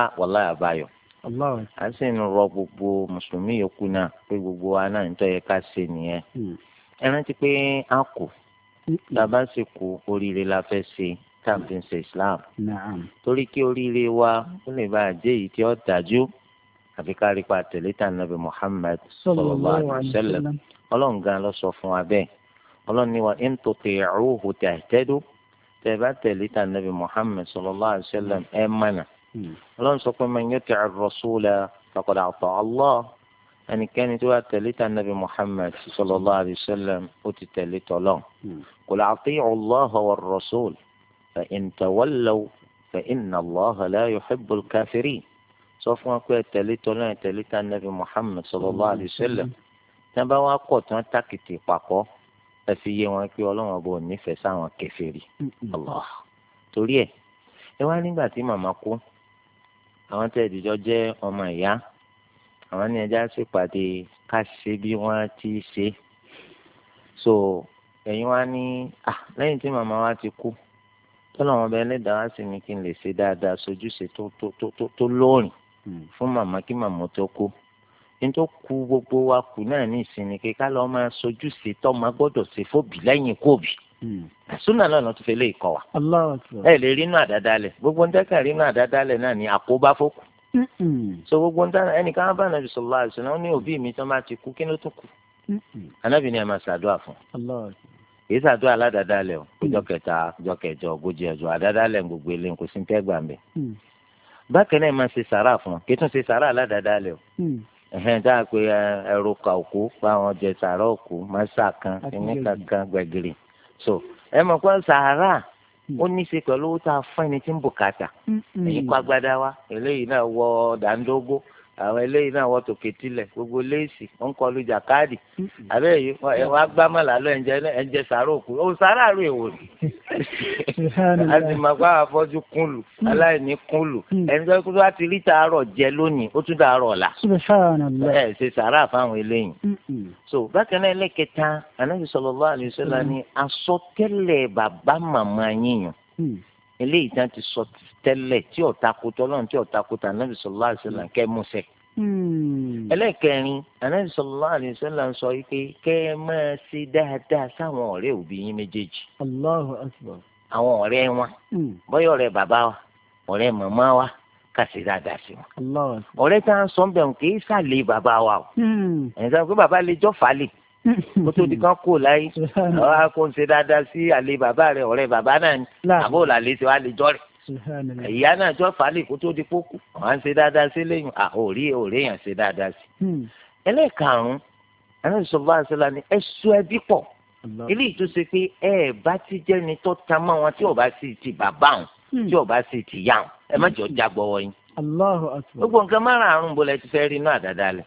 a a sì ń rọ gbogbo mùsùlùmí yòókù náà pé gbogbo wa náà ń tọ́ yẹ ká ṣe nìyẹn hmm. ẹ rántí pé a kù bàbá hmm. sì kú oríire la fẹ́ ṣe tàbí ṣe islam torí kí oríire wa ó lè bá àjẹ́ yìí tí ó dájú àfi ká rí pa tẹ̀lé tà nàbì muhammad sallallahu alaihi wasallam ọlọ́run gan ló sọ fún wa bẹ́ẹ̀ ọlọ́run ní wa in tuti'uhu tahtadu tẹ̀ bá tẹ̀lé tà nàbì muhammad sallallahu alaihi wasallam ẹ̀ mọ̀nà. Hmm. ọlọ́run sọ pé man yuti'i ar-rasula faqad ata Allah ẹnikẹ́ni tó bá tẹ̀lé ta nabi muhammed sallallahu alayhi wa sallam ó ti tẹ̀lé tọ́lọ́n hmm. qul ati'u Allaha war-rasul fa in tawallaw fa inna Allaha la yuhibbul kafirin sọ fún wa pé tẹ̀lé tọ́lọ́n tẹ̀lé ta nabi muhammed sallallahu alayhi wa sallam tí wọ́n bá wá kọ̀ tí tákìtì pàkọ́ ẹ fi yé wọn pé ọlọ́run ọba nífẹ̀ẹ́ sáwọn kèfèrí hmm. Allah torí ẹ̀ ẹ wá nígbà tí màmá kú àwọn tẹ́ ìdíjọ́ jẹ́ ọmọ ìyá àwọn ní ẹja ṣèpàdé ká ṣe bí wọ́n ti ṣe so ẹ̀yin wá ní à lẹ́yìn tí màmá wa ti kú tọ́lọ̀ wọn bẹ ẹlẹ́dàá wá sí mi kí n lè ṣe dáadáa sojúṣe tó tó tó tó lóòrìn hmm. fún màmá kí màmá tó kú ní tó kú gbogbo wa kù náà ní ìsinmi kí ká lọ́ọ́ máa sojúṣe tó máa gbọ́dọ̀ ṣe fóbi lẹ́yìn kóbi. Hmm. súnà náà ló ti fẹ́ lé ìkọ wa ẹ lè rí inú àdádálẹ̀ gbogbo ń tẹ́kàn rí inú àdádálẹ̀ náà ní àkóbá fòkù hmm. so gbogbo ń tẹ́kàn ẹnìkan bá nàbì sallallahu alaihi wasallam ní òbí mi tí wọ́n bá ti kú kí ló tún kù anábì hmm. ni ẹ máa ṣàdúrà fún kìí ṣàdúrà aládàádálẹ̀ o ọjọ́ kẹta ọjọ́ kẹjọ ogójì ọjọ́ àdádálẹ̀ gbogbo ilé kò sí tẹ́ gbà mí bákan náà ẹ máa ṣe sàrà fún kìí tún ṣe sàrà aládàádálẹ̀ o ẹhẹn tá a ẹrù kà òkú báwọn jẹ sàrà òkú máa ṣàkàn ẹni kankan gbẹgìrì so ẹ mọ̀ pé sahara hmm. ó ní í ṣe pẹ̀lú owó tá a fún ẹni tí ń bùkátà hmm, hmm. èyí kó wa eléyìí náà wọ dàńdógó àwọn eléyìí náà wọ́n tó ketílẹ̀ gbogbo léèsì wọ́n ń kọlu jàkáàdì àbẹ́ yìí wọ́n á gbá mọ́lá lọ ẹ̀ǹjẹ̀ sàárò òkú ó sàárà rò èwò ni a sì máa bá afọ́jú kún lù mm. aláìní kún lù mm. ẹni tó kó láti rí tààrọ̀ jẹ lónìí ó tún dàárọ̀ la ẹ ṣe sàárà fáwọn eléyìí so bákan náà ẹlẹ́kẹta anábì sallallahu alaihi wasallam ni mm. asọtẹ́lẹ̀ bàbá màmá yíyan eléyìí tán ti tẹ́lẹ̀ tí ó tako tọ́lọ́run tí ó tako tà nàbì sallallahu alaihi wasallam kẹ́ mú ṣẹ. Hmm. ẹlẹ́kẹrin ànábì sallallahu alaihi wasallam sọ pé kẹ́ ẹ máa ṣe dáadáa sáwọn ọ̀rẹ́ òbí yín méjèèjì. Allahu akbar. àwọn ọ̀rẹ́ wọn hmm. bọ́yọ̀ ọ̀rẹ́ bàbá wa ọ̀rẹ́ màmá wa kà sí dáadáa sí wọn. ọ̀rẹ́ tá à ń sọ ń bẹ̀rù kì í sàlẹ̀ bàbá wa o. Hmm. ẹ̀yin sábà pé bàbá lè jọ́ fàálẹ̀ kó tó di kan kó láyé ọ̀rá kó ń ṣe dáadáa sí àlè bàbá rẹ̀ ọ̀rẹ́ bàbá náà ni àbó làlẹ́ tí wàá lè jọ́ rẹ̀ ìyá náà tí wọ́n fà á lè kó tó di pókú àwọn à ń ṣe dáadáa sí lẹ́yìn àhórí òré yẹn ṣe dáadáa sí. Hmm. ẹlẹ́ẹ̀karùn-ún àwọn ìṣọ̀bá àṣẹlá ni ẹ sọ ẹbí pọ̀ ilé ìtúnṣe pé ẹ bá ti jẹ́ni tó ta mọ́ wọn tí ò bá sì ti bàbá wọn hmm. tí ò bá sì ti yá wọn ẹ má jọ hmm. jágbọ́ wọ yín. gbogbo nǹkan márùn-ún bó lẹ ti fẹ́ rí inú àdáadáa lẹ̀.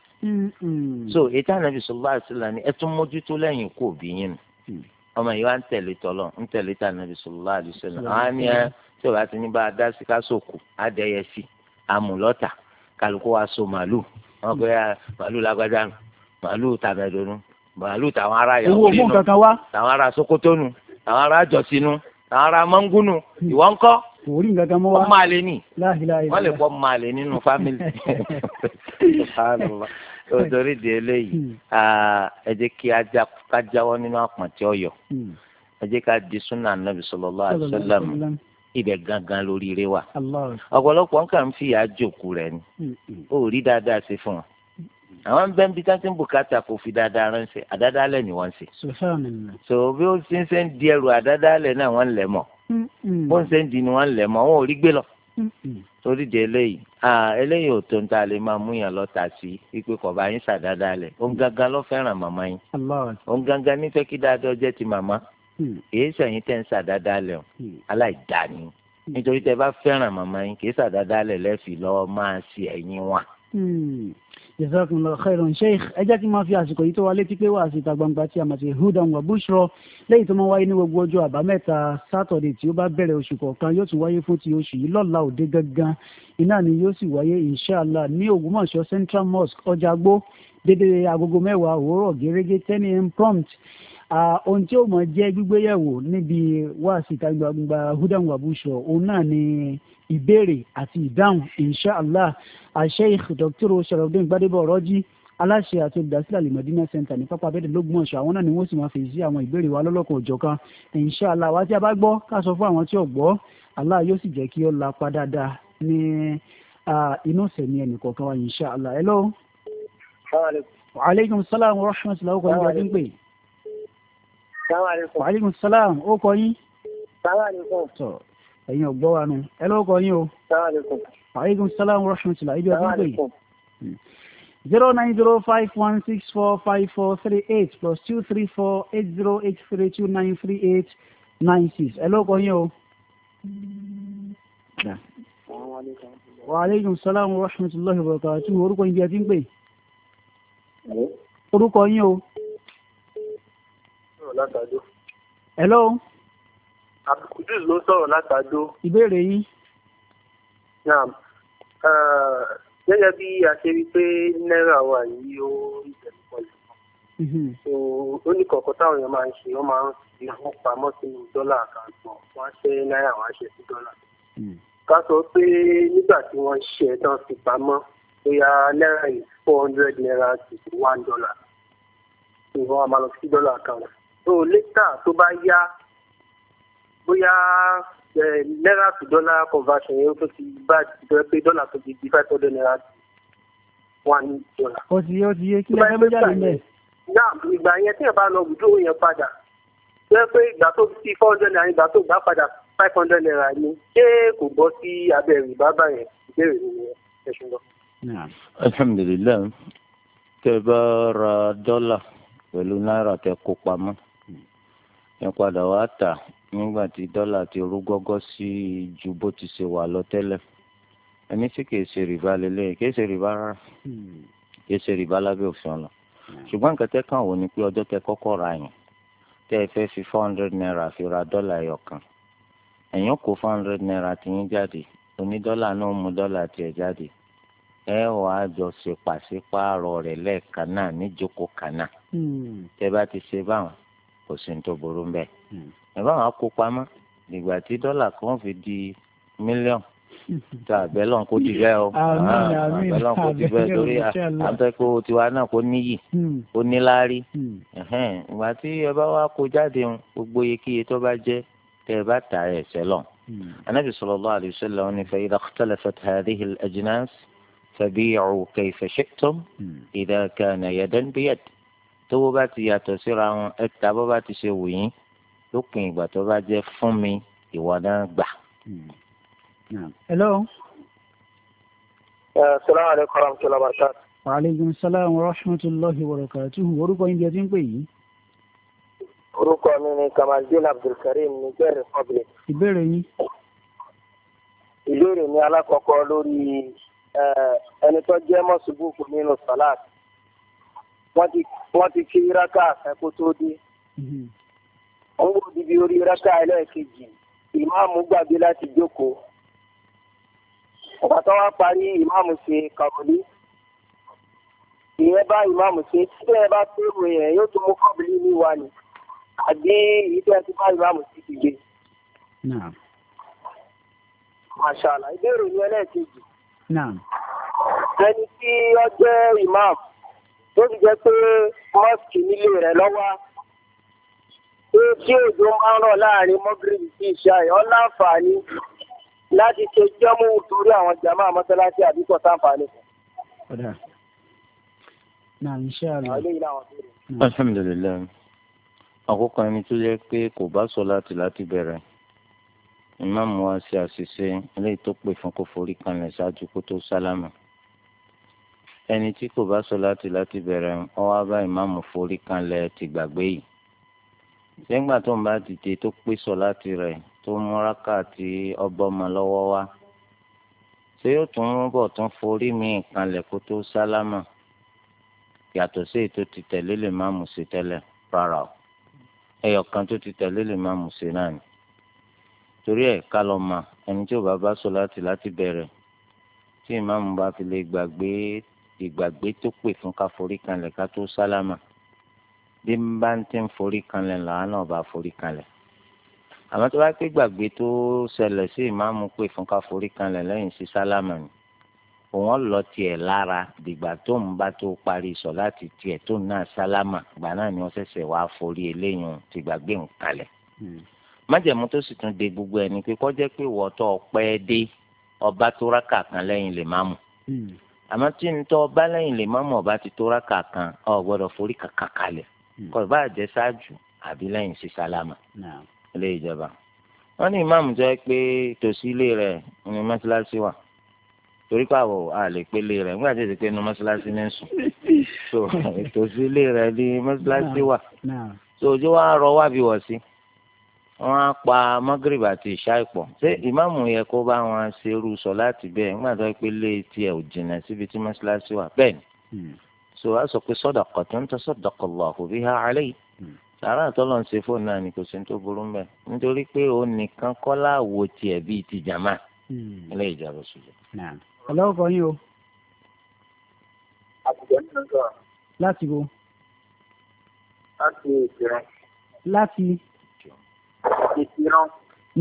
so ètò ànábì sọlá àṣìlá ni ẹ tún mójútó lẹ́yìn kó òbí yín ọmọ yìí wá ń tẹ̀lé tọ́lọ̀ ń tẹ̀lé tànábì sọlá àdìsọ́lá àwọn á ẹ tí o bá ti ní bá a dá sí ká sòkò á sí amúlọ́tà kálukú wa so màálù wọn pe ah, màálù lágbájá nù màálù tàmẹ̀dọ̀nù màálù tàwọn ará ìyàwó nínú tàwọn ará sokoto nù tàwọn ará jọ̀sínú tàwọn ará mọ́ngúnù ìwọ ńkọ́ wòlíì gàgà mọ́ wa. máa lè ní wọ́n lè bọ́ máa lè nínú fámìlì. òtòrí di eléyìí hmm. ẹ jẹ́ kí a jáwọ́ nínú àpọ̀ntí ọ̀yọ́ hmm. ẹ jẹ́ ká di súnà nàbì sallallahu alaihi wasallam ibẹ̀ gangan lórí rẹ wà. ọ̀pọ̀lọpọ̀ nǹkan ń fìyà jòkó rẹ̀ ni ó rí dáadáa ṣe fún wọn. àwọn ń bẹ́ ń bí tá bùkátà kò fi dáadáa ránṣẹ́ àdádálẹ̀ ni wọ́n ṣe. so bí ó ṣe ń ṣe ń di ẹrù àdádálẹ̀ náà wọ́n ń lẹ̀ mọ́ bó ń ṣe ń di ni wọ́n ń lẹ̀ mọ́ wọn ò rí gbé lọ. torí de eléyìí eléyìí ò tó ń ta lè máa mú yàn lọ tà sí ipe kọ̀ọ̀bá yín ṣàdádálẹ̀ òun gangan ló fẹ́ràn màmá yín òun gangan nífẹ̀ẹ́ kí dáadáa ọjọ́ ti màmá. Hmm. kìí sẹ̀yìn tẹ́ ń ṣàdáadá lẹ̀ o hmm. aláìdá hmm. nítorí tẹ́ bá fẹ́ràn màmá yín kìí ṣàdáadá lẹ̀ lẹ́fì lọ́wọ́ máa ṣe ẹ̀yìn wa. jazakumullahu khairan sheikh ẹ jẹ́ kí n máa fi àsìkò yìí tó wa létí pé wàásù ìta gbangba tí a mọ̀ sí hudan wa bushra lẹ́yìn tó máa wáyé ní gbogbo ọjọ́ àbámẹ́ta sátọ̀dẹ̀ tí ó bá bẹ̀rẹ̀ oṣù kọ̀ọ̀kan yóò tún wáyé fún ti oṣù yìí lọ́la òde gangan iná ni yóò sì wáyé inshallah ní Ògbómọ̀ṣọ́ Central Mosque ọjà dédé agogo mẹ́wàá òwúrọ̀ gẹ́gẹ́ ten a.m ohun tí ó mọ̀ jẹ́ gbígbéyẹ̀wò níbi wáàsí ìtagbangba hudan wabushọ òun náà ni ìbéèrè àti ìdáhùn inshallah Sheikh Dr. sharafdin gbadebo ọ̀rọ̀jì aláṣẹ àti olùdásílẹ̀ alimọ̀dínà center ní pápá abẹ́rẹ́ lógún ọ̀ṣọ́ àwọn náà ni wọ́n sì máa fèsì àwọn ìbéèrè wa lọ́lọ́kan òjọ̀kan inshallah wa tí a bá gbọ́ ká sọ fún àwọn tí ò gbọ́ Allah yóò sì jẹ́ kí ó lapa dáadáa ní inú sẹ̀mí ẹnìkọ̀ọ̀kan wa inshallah hello. wa aleykum salaam wa rahmatullahi wa barakatuh. Wa alaikum salaam ó kọ yín. Sọ ẹ̀yin ọ̀gbọ́n wa nù. Ẹ ló kọ yín o. Wa alaikum salaam wa rahmatullahi ibi ọdún pè. Zero nine zero five one six four five four three eight plus two three four eight zero eight three two nine three eight nine six. Ẹ ló kọ yín o. Wa alaikum salaam wa rahmatullahi wa barakatuh. Orúkọ Orúkọ yín o sọ̀rọ̀ látàdó. hello. abdulkudus ló sọ̀rọ̀ látàdó. ìbéèrè yín. naam gẹ́gẹ́ bí a ṣe rí pé náírà wa yìí ó ìtẹ̀lẹ́pọ̀lẹ̀ mhm. so ó ní kọ̀ọ̀kan táwọn èèyàn máa ń ṣe wọ́n máa ń fi owó pamọ́ sínú dọ́là àkàǹtàn wọ́n á ṣe náírà wọ́n á ṣe sí dọ́là. Mhm. ká sọ pé nígbà tí wọ́n ṣe ẹ̀ tán fi pamọ́ bóyá náírà yìí four hundred naira to one dollar ìwọ̀n àmàlọ́ sí dọ́là àkàǹtàn so later tó bá yá bóyá náírà to dollar conversion yẹn tó ti bá jẹ́ pé dọ́là tó ti di five hundred naira one dollar. ó ti yé ó ti yé kí lẹ́yìn méjì àlè mẹ́ẹ̀. náà ìgbà yẹn tí ẹ bá lọ wùdú yẹn padà jẹ́ pé ìgbà tó ti four hundred naira ìgbà tó gbà padà five hundred naira ni ṣé kò bọ́ sí abẹ́ rìbá báyẹn ìbéèrè nìyẹn ẹ ṣùgbọ́n. alhamdulilayi tẹ bá ra dọ́là pẹ̀lú náírà tẹ kó pamọ́ yẹn padà wá tà nígbà tí dọ́là ti rú gọ́gọ́ sí i ju bó ti ṣe wà lọ tẹ́lẹ̀ ẹni tí kìí ṣe rìbá lélẹ̀ kìí ṣe rìbá rárá kìí ṣe rìbá lábẹ́ òfin ọ̀la hmm. ṣùgbọ́n nǹkan tẹ́ kàn wò ni pé ọjọ́ tẹ́ kọ́kọ́ ra yẹn tẹ́ ẹ fẹ́ fi four hundred naira fi ra dọ́là ẹyọ kan ẹ̀yìn kó four hundred naira ti yín jáde onídọ́là náà mú dọ́là tiẹ̀ jáde ẹ wàá jọ ṣe pàṣípààrọ̀ rẹ̀ lẹ́ẹ̀kan náà níjókòó kan náà hmm. tẹ́ bá ti ṣe báwọn kò sí ní tó burú ń bẹ. Hmm. ẹ bá wọn kó pamọ́ ìgbà tí dọ́là kan fi di mílíọ̀nù tá a bẹ lọ́n kó ti bẹ́ẹ̀ o ah, bẹ lọ́n kó ti bẹ́ẹ̀ torí àtẹ́kọ́ ah, tiwa náà kó níyì hmm. kó níláárí hmm. ìgbà tí ẹ bá wá kó jáde ń gbogbo iyekíye tó bá jẹ́ tẹ́ ẹ bá tà ẹ̀ sẹ́lọ̀ anabi sallallahu alayhi wa sallam ní fa idha ikhtalafat tówó bá ti yàtọ̀ síra wọn ẹ ta bó bá ti ṣe wù yín lópin ìgbà tó bá jẹ́ fún mi ìwọ náà gbà. hello. salaamu aleykum wa rahmatulahi wa barakatuh. wa aleykum salaam wa rahmatulahi wa barakatuh orúkọ yín bí ẹ ti ń pè yìí. orúkọ mi ni kamaldeen abdulkareem niger republic. ìbéèrè yín. ìbéèrè mi alákọ̀ọ́kọ́ lórí ẹni tó jẹ́ mọ́sùbùkù nínú salat wọ́n ti kí rákà kan kó tó dé. Mhm. wọ́n wò níbi orí rákà ẹlẹ́ẹ̀kejì ìmáàmù gbàgbé láti jókòó. ọ̀pọ̀ tó wá parí ìmáàmù ṣe kàbọ̀lì. ìyẹn bá ìmáàmù ṣe síbẹ̀ bá pérò yẹn yóò tún mú kọ́bìlì ní wa ni àbí èyí tí wọ́n ti bá ìmáàmù ṣe ti gbé. Màṣàlá ìbéèrè ní ẹlẹ́ẹ̀kejì. Ẹni tí ó jẹ́ ìmáàmù tó sì jẹ́ pé mọ́ọ̀sì nílé rẹ̀ lọ́wọ́ pé tí òjò máa ń rọ̀ láàrin mọ́gírìbì sí ìṣáì ọ̀làǹfààní láti ṣe jọ́mú torí àwọn jàmá mọ́sálásí àdúgbò sáǹfààní. Hmm. alhamdulilayi àkókò ẹni tó yẹ pé kò bá sọ láti láti bẹ̀rẹ̀ ìmáàmù wa ṣe àṣìṣe eléyìí tó pè fún kó forí kanlẹ̀ ṣáájú kó tó sálámà ẹni tí kò bá sọ láti láti bẹ̀rẹ̀ ọ wá bá ìmáàmù forí kanlẹ̀ ti gbàgbé yìí sẹ́gbà tó ń bá dìde tó pé sọ láti rẹ̀ tó múra káàtì ọgbọ́mọ lọ́wọ́ wá ṣé yóò tún bọ̀ tún forí mi kanlẹ̀ kó tó sálámà yàtọ̀ sí èyí tó ti tẹ̀lé lè má mú ṣe tẹ́lẹ̀ rárá o ẹyọ kan tó ti tẹ̀lé lè má mú ṣe náà ni torí ẹ̀ ká lọ mà ẹni tí ò bá bá sọ láti láti bẹ̀rẹ̀ tí ìmáàmù bá fi lè gbàgbé ìgbàgbé tó pè fún ká forí kanlẹ̀ ká tó sálámà bí n bá ń tẹ́ ń forí kanlẹ̀ làwọn náà bá forí kanlẹ̀ àmọ́ tó bá pé gbàgbé tó ṣẹlẹ̀ sí ìmáàmù pè fún ká forí kanlẹ̀ lẹ́yìn sí sálámà ni òun lọ tiẹ̀ lára dìgbà tó ń bá tó parí sọ láti tiẹ̀ tó náà sálámà gbà náà ni wọ́n ṣẹ̀ṣẹ̀ wá forí eléyìí ti gbàgbé ń kalẹ̀ hmm. májẹ̀mú tó sì tún de gbogbo ẹni pé kọ́jẹ́ pé wọ́tọ̀ pẹ́ dé ọba tó rákà kan lẹ́yìn lè máàmù hmm àmọ́ tí n tọ́ bálẹ̀yìn lè má mọ̀ bá ti tó rákà kan ọ̀ gbọ́dọ̀ forí kàkà kalẹ̀ hmm. kọ̀ bá jẹ́ ṣáájú àbí lẹ́yìn sí sálámà ilé ìjọba. wọ́n ní ìmáàmù jẹ́ pé tòsí ilé rẹ̀ ní mọ́ṣáláṣí wà torí pàwọ̀ a lè pé ilé rẹ̀ nígbà tí èsì pé ní mọ́ṣáláṣí ní sùn so tòsí ilé rẹ̀ ní mọ́ṣáláṣí wà so ojú wa rọ wá bí wọ̀ sí wọn á pa magrib àti ìṣáì pọ̀ ṣé ìmáàmù yẹ kó bá wọn ṣe irú sọ láti bẹ́ẹ̀ nígbà tó pé lé tiẹ̀ ò jìnnà síbi tí mọ́ṣáláṣí wà bẹ́ẹ̀ ni hmm. so a sọ pé sọdọkọ hmm. tó ń tọ sọdọkọ lọ kò bí ha alẹ́ yìí sàrà àtọlọ ń ṣe fóònù náà ni kò sí tó burú mbẹ nítorí pé òun nìkan kọ́ láwo tiẹ̀ bíi ti jàmá hmm. ilé ìjọba ṣùgbọ́n. ọlọ́wọ́ kan yìí o. àbùdá ní ọjọ́. láti wo. láti ìṣirò. láti àti ìṣirán.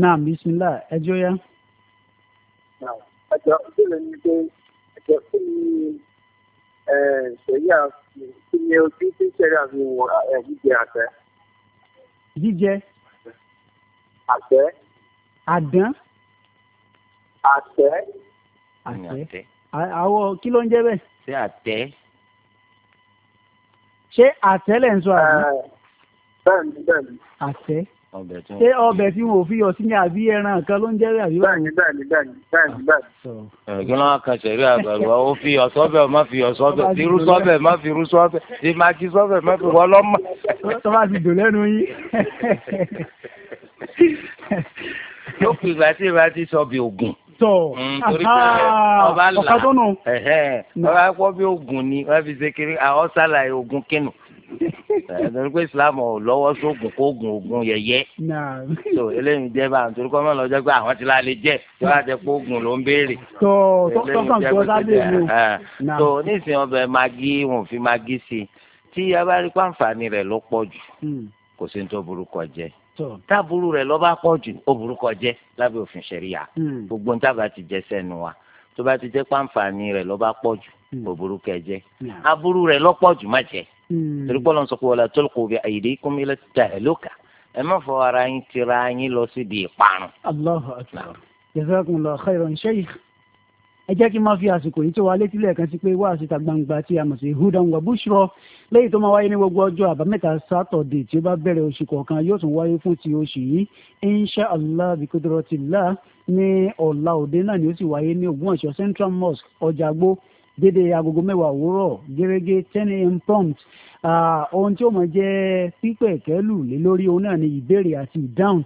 náà bisimilá ẹjọ́ yá. ẹjọ́ ìbéèrè ni pé ẹjọ́ kí ni ṣèyí àfihàn kí ni ojú tí ṣẹlẹ àfihàn jíjẹ àtẹ. jíjẹ. àtẹ. àdán. àtẹ. àtẹ. àwọ̀ kí ló ń jẹ́ bẹ́ẹ̀. ṣé àtẹ ṣé àtẹ́lẹ̀ ń sọ àbí. bẹ́ẹ̀ni bẹ́ẹ̀ni. àtẹ́ ṣé ọbẹ̀ tí wọn ò fi yọ sí ní àbí ẹran kan ló ń jẹ́ rẹ̀ àbí wọn. báyìí báyìí báyìí báyìí báyìí. Ah, eh, kí ló ń kan ṣẹ̀rí àgbàgbà ó fi yọ sọ́bẹ̀ má fi yọ sọ́bẹ̀ ti rú sọ́bẹ̀ má fi rú sọ́bẹ̀ ti má kí sọ́bẹ̀ má fi wọ́ lọ́mọ. tó bá ti dùn lẹ́nu yín. yóò pè ìgbà tí ìgbà ti sọ bí ogun. tọ hmm, ọba là ọba pọ̀ bí ogun ni wọ́n fi ṣe kiri àwọn sálàyé nítorí eh, pé islam ò lọ́wọ́ sóògùn kóògùn ògùn yẹyẹ tó eléyìí jẹ́ bá nítorí kọ́ mọ́ lọ jẹ́ pé àwọn ti láàlẹ́ jẹ́ tí wọ́n á jẹ́ kóògùn ló ń béèrè. tó tọ́kàn tó lábẹ́ mi tó eh, nísìnyí ọbẹ̀ magi wọn fi magi sí i tí a bá rí pàǹfààní rẹ̀ ló pọ̀ jù hmm. kò sí ní tó burúkọ jẹ́ táàbùrù rẹ̀ ló bá pọ̀ jù ó burúkọ jẹ́ lábẹ́ òfin ṣẹ̀ríyà hmm. gbogbo ní tábà ti jẹ́ sẹ́nu wa tó bá ti jẹ́ pàǹfààní rẹ̀ ló bá pọ̀ jù hmm. kò burúkọ jẹ́ aburú rẹ̀ ló pọ̀ jù má jẹ́ torí pọ́lọ́n sọ pé wala tulqu bi aydikum ila tahluka ẹ má fọ ara yín tira yín lọ síbi ìparun. Allahu akbar jazakumullahu khairan sheikh ẹ jẹ́ kí n máa fi àsìkò yìí tó wa létí lẹ́ẹ̀kan sí pé wáá síta gbangba tí a mọ̀ sí hudan wa bushro lẹ́yìn tó máa wáyé ní gbogbo ọjọ́ àbámẹ́ta sátọ̀dẹ̀ tí ó bá bẹ̀rẹ̀ oṣù kọ̀ọ̀kan yóò tún wáyé fún ti oṣù yìí insha allah bikudurotillah ní ọ̀la òde náà ni ó sì wáyé ní ògbómọ̀ṣọ́ central mosque ọjàgbó dédé agogo mẹ́wàá òwúrọ̀ gẹ́gẹ́ ten a.m. prompt ohun tí ó mọ̀ jẹ́ pípẹ́ kẹ́lù lé lórí òun náà ni ìbéèrè àti ìdáhùn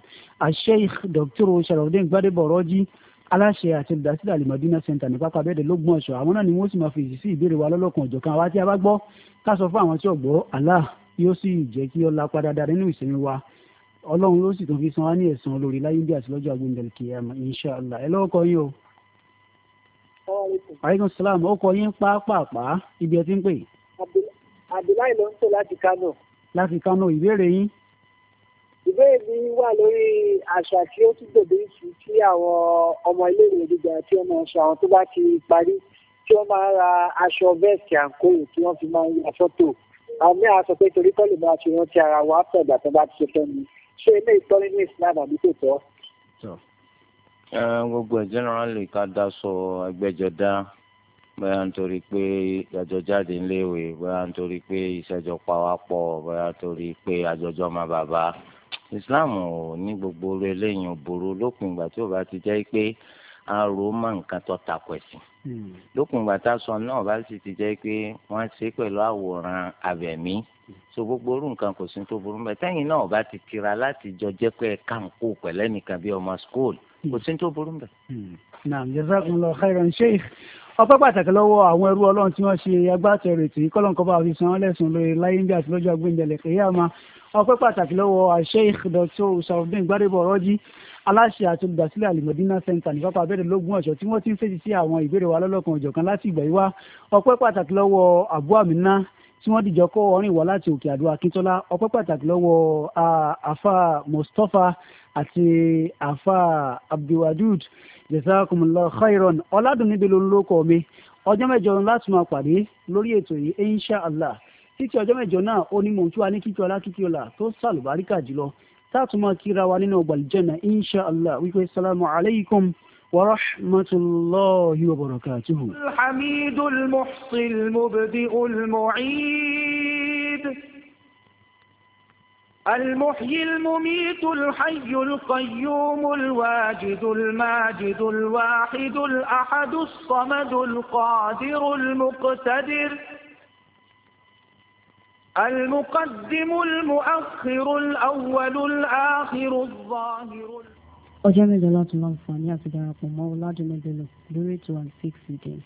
asheikh Dr. Sharafdin Gbadebo Rọ́jí aláṣẹ àti olùdásílẹ̀ al Center ní pápá abẹ́ẹ̀dẹ̀ lógún ọ̀ṣọ́ àwọn náà ni wọ́n sì máa fèsì sí ìbéèrè wa lọ́lọ́kan ọ̀jọ̀kan àwa tí a bá gbọ́ ká sọ fún àwọn tí ò gbọ́ Allah yóò sì jẹ́ kí ó lápá dáadáa nínú ìsinmi wa ọlọ́run ló sì tún fi san wá ní ẹ̀san olórí láyé bí àti lọ́jọ́ àgbéǹdẹ̀lẹ̀ kìí àmọ́ insha Allah ẹ lọ́wọ́ yín o aleykum salaam ó kọ yín pàápàá ibi ẹ ti ń pè. abdullahi ló ń pè láti kano. láti kano ìbéèrè yín. ìbéèrè mi wà lórí àṣà tí ó tún gbòde sí tí àwọn ọmọ iléèwé gíga tí wọn máa ṣe àwọn tó bá ti parí tí wọn máa ra aṣọ vẹ́ẹ̀sì àǹkó tí wọn fi máa ń ya fọ́tò àwọn mẹ́ta sọ pé torí kọ́ lè máa ṣe rántí ara wa fẹ̀gbà tó bá ti fẹ́ mi ṣé ilé ìtọ́ni ní ìsìlámù gbogbo ẹ̀ generally ká daṣọ agbẹ́jọ́dá bóyá nítorí pé àjọ jáde ńléèwé bóyá nítorí pé ìṣẹ́jọ pawápọ̀ bóyá nítorí pé àjọjọ́ má bàbá Islam ò ní gbogbo orí eléyìí ò burú lópin ìgbà tí ò bá ti jẹ́ pé arò mọ nǹkan tó takò ẹ̀sìn hmm. lókun ìgbà tá a sọ náà bá sì ti jẹ́ pé wọ́n ṣe pẹ̀lú àwòrán abẹ̀mí so gbogbo orú nǹkan kò sí tó burú mẹ́tẹ́yìn náà bá ti tira láti jọ jẹ́ pé káńkó pẹ̀lẹ́ nìkan bí ọmọ school kò sí tó burú mbẹ. Hmm. naam jazakumullahu khairan sheikh ọpẹ́ pàtàkì lọ́wọ́ àwọn ẹrú Ọlọ́run tí wọ́n ṣe agbátẹrù ètò yìí kọlọn kọba àfi san án lẹ́sùn lórí láyé ń bí àti lọ́jọ́ agbẹnjẹlẹ kìyàmá ọpẹ́ pàtàkì lọ́wọ́ sheikh dr sharafdin gbadebo ọrọjì aláṣẹ àti olùdásílẹ̀ alimọ̀dínà center ní pápá abẹ́rẹ́ lógún ọ̀ṣọ́ tí wọ́n ti ń fèsì sí àwọn ìbéèrè wa lọ́lọ́kan ọ̀jọ̀kan láti ìgbà yìí wá ọpẹ́ pàtàkì lọ́wọ́ abu tí wọ́n dìjọ kọ́ orin wá láti òkè àdó akíntola ọpẹ́ pàtàkì lọ́wọ́ afa mustapha àti àfa abdulwadud jazakumullahu khairon ọ̀làdùnní bẹ́ẹ̀ ló ń lóko mi ọjọ́ mẹ́jọ láti máa pàdé lórí ètò yìí inshallah títí ọjọ́ mẹ́jọ náà ó ní mò ń tú wa ní kíkí ọlá kíkí ọlá tó sàlùbáríkà jùlọ táàtúmọ̀ kíra wa nínú ọgbàlùjẹ́nà inshallah wípé salamu alaykum. ورحمة الله وبركاته الحميد المحصي المبدئ المعيد المحيي المميت الحي القيوم الواجد الماجد الواحد الأحد الصمد القادر المقتدر المقدم المؤخر الأول الآخر الظاهر ọjọ́ mélòó láti máa ń fà ní àti darapọ̀ mọ́ ọ̀làdúnmẹ́gbẹ̀lẹ̀ lórí ètò and fix again.